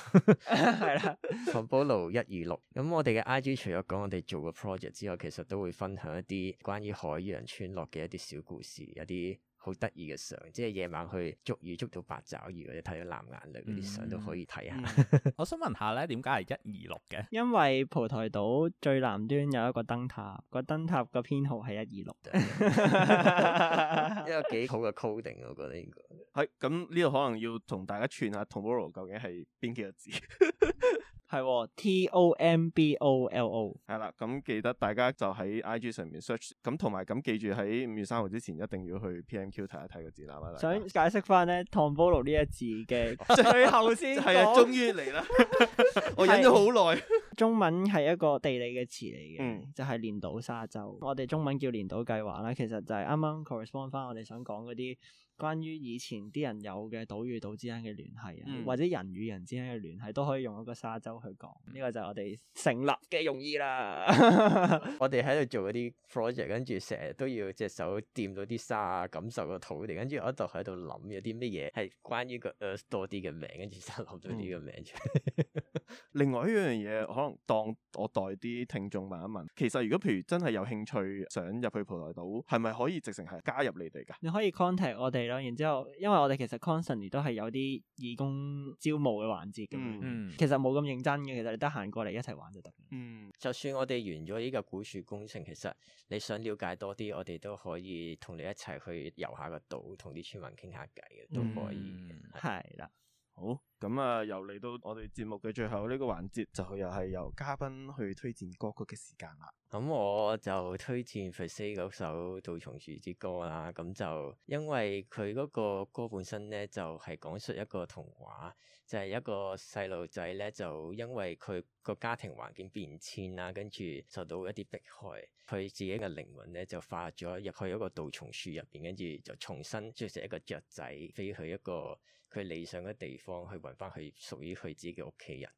係啦，Tombolo 一二六。咁我哋嘅 IG 除咗講我哋做嘅 project 之外，其實都會分享一啲關於海洋村落嘅一啲小故事，一啲好得意嘅相，即係夜晚去捉魚捉到八爪魚或者睇到藍眼淚嗰啲相都可以睇下、嗯。 *laughs* 我想問下咧，點解係一二六嘅？因為蒲台島最南端有一個燈塔，個燈塔個編號係一二六嘅， *laughs* *laughs* *laughs* 一個幾好嘅 coding，我覺得應該係咁。 *laughs* 呢度可能要同大家串下，Tombolo 究竟係邊幾個字？ *laughs* 係 Tombolo 係啦，咁記得大家就喺 IG 上面 search，咁同埋咁記住喺五月三號之前一定要去 PMQ 睇一睇個字啦。想解釋翻咧 Tombolo 呢一字嘅 *laughs* 最後先係啊，終於嚟啦！ *laughs* *laughs* 是我忍咗好耐。中文係一個地理嘅詞嚟嘅，嗯、就係連島沙洲。我哋中文叫連島計劃啦。其實就係啱啱 correspond 翻我哋想講嗰啲。關於以前啲人有嘅島與島之間嘅聯繫啊，嗯、或者人與人之間嘅聯繫，都可以用一個沙洲去講。呢、這個就係我哋成立嘅用意啦。我哋喺度做嗰啲 project，跟住成日都要隻手掂到啲沙啊，感受個土地，跟住我一度喺度諗有啲乜嘢係關於個 earth 多啲嘅名，跟住就留咗啲嘅名、嗯、 *laughs* 另外一樣嘢，可能當我代啲聽眾問一問，其實如果譬如真係有興趣想入去蒲台島，係咪可以直情係加入你哋㗎？你可以 contact 我哋。然之後，因為我哋其實 constantly 都係有啲義工招募嘅環節嘅，嗯嗯、其實冇咁認真嘅。其實你得閒過嚟一齊玩就得。嗯，就算我哋完咗呢個古樹工程，其實你想了解多啲，我哋都可以同你一齊去遊下個島，同啲村民傾下偈嘅，都可以。係啦、嗯。的好，咁啊，又嚟到我哋節目嘅最後呢個環節，就又係由嘉賓去推薦歌曲嘅時間啦。咁我就推薦 per se 嗰首《杜松樹之歌》啦。咁就因為佢嗰個歌本身呢，就係、是、講述一個童話，就係、是、一個細路仔呢，就因為佢個家庭環境變遷啦，跟住受到一啲迫害，佢自己嘅靈魂呢，就化咗入去一個杜松樹入邊，跟住就重新變成一個雀仔，飛去一個，佢理想嘅地方去揾返佢屬於佢自己嘅屋企人。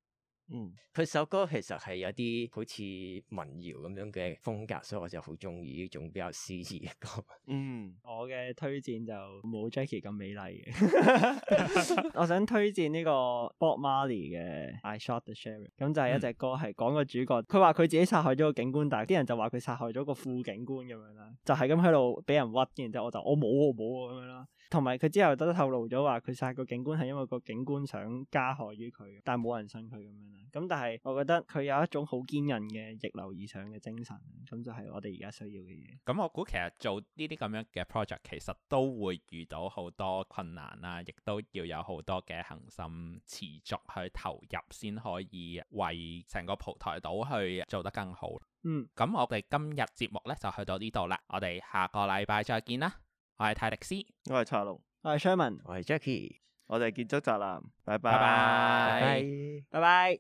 嗯，佢首歌其實係有啲好似民謠咁樣嘅風格，所以我就好中意呢種比較詩意嘅歌。嗯，我嘅推薦就冇 Jackie 咁美麗。 *laughs* *laughs* *laughs* 我想推薦呢個 Bob Marley 嘅 I Shot the Sheriff，咁就係一隻歌係講個主角，佢話佢自己殺害咗個警官，但係啲人就話佢殺害咗個副警官咁樣啦，就係咁喺度俾人屈，然之後我就我冇我冇咁樣啦。哦。同埋佢之後都透露咗話，佢殺個警官係因為個警官想加害於佢，但係冇人信佢咁樣啦。咁但係我覺得佢有一種好堅韌嘅逆流而上嘅精神，咁就係我哋而家需要嘅嘢。咁我估其實做呢啲咁樣嘅 project，其實都會遇到好多困難啦，啊，亦都要有好多嘅恆心持續去投入，先可以為成個蒲台島去做得更好。嗯，咁我哋今日節目咧就去到呢度啦，我哋下個禮拜再見啦。我係泰迪斯。 *noise* *noise* 我係查龍，我係 Sherman，我係 Jacky，我哋係建築宅男，拜拜，拜拜。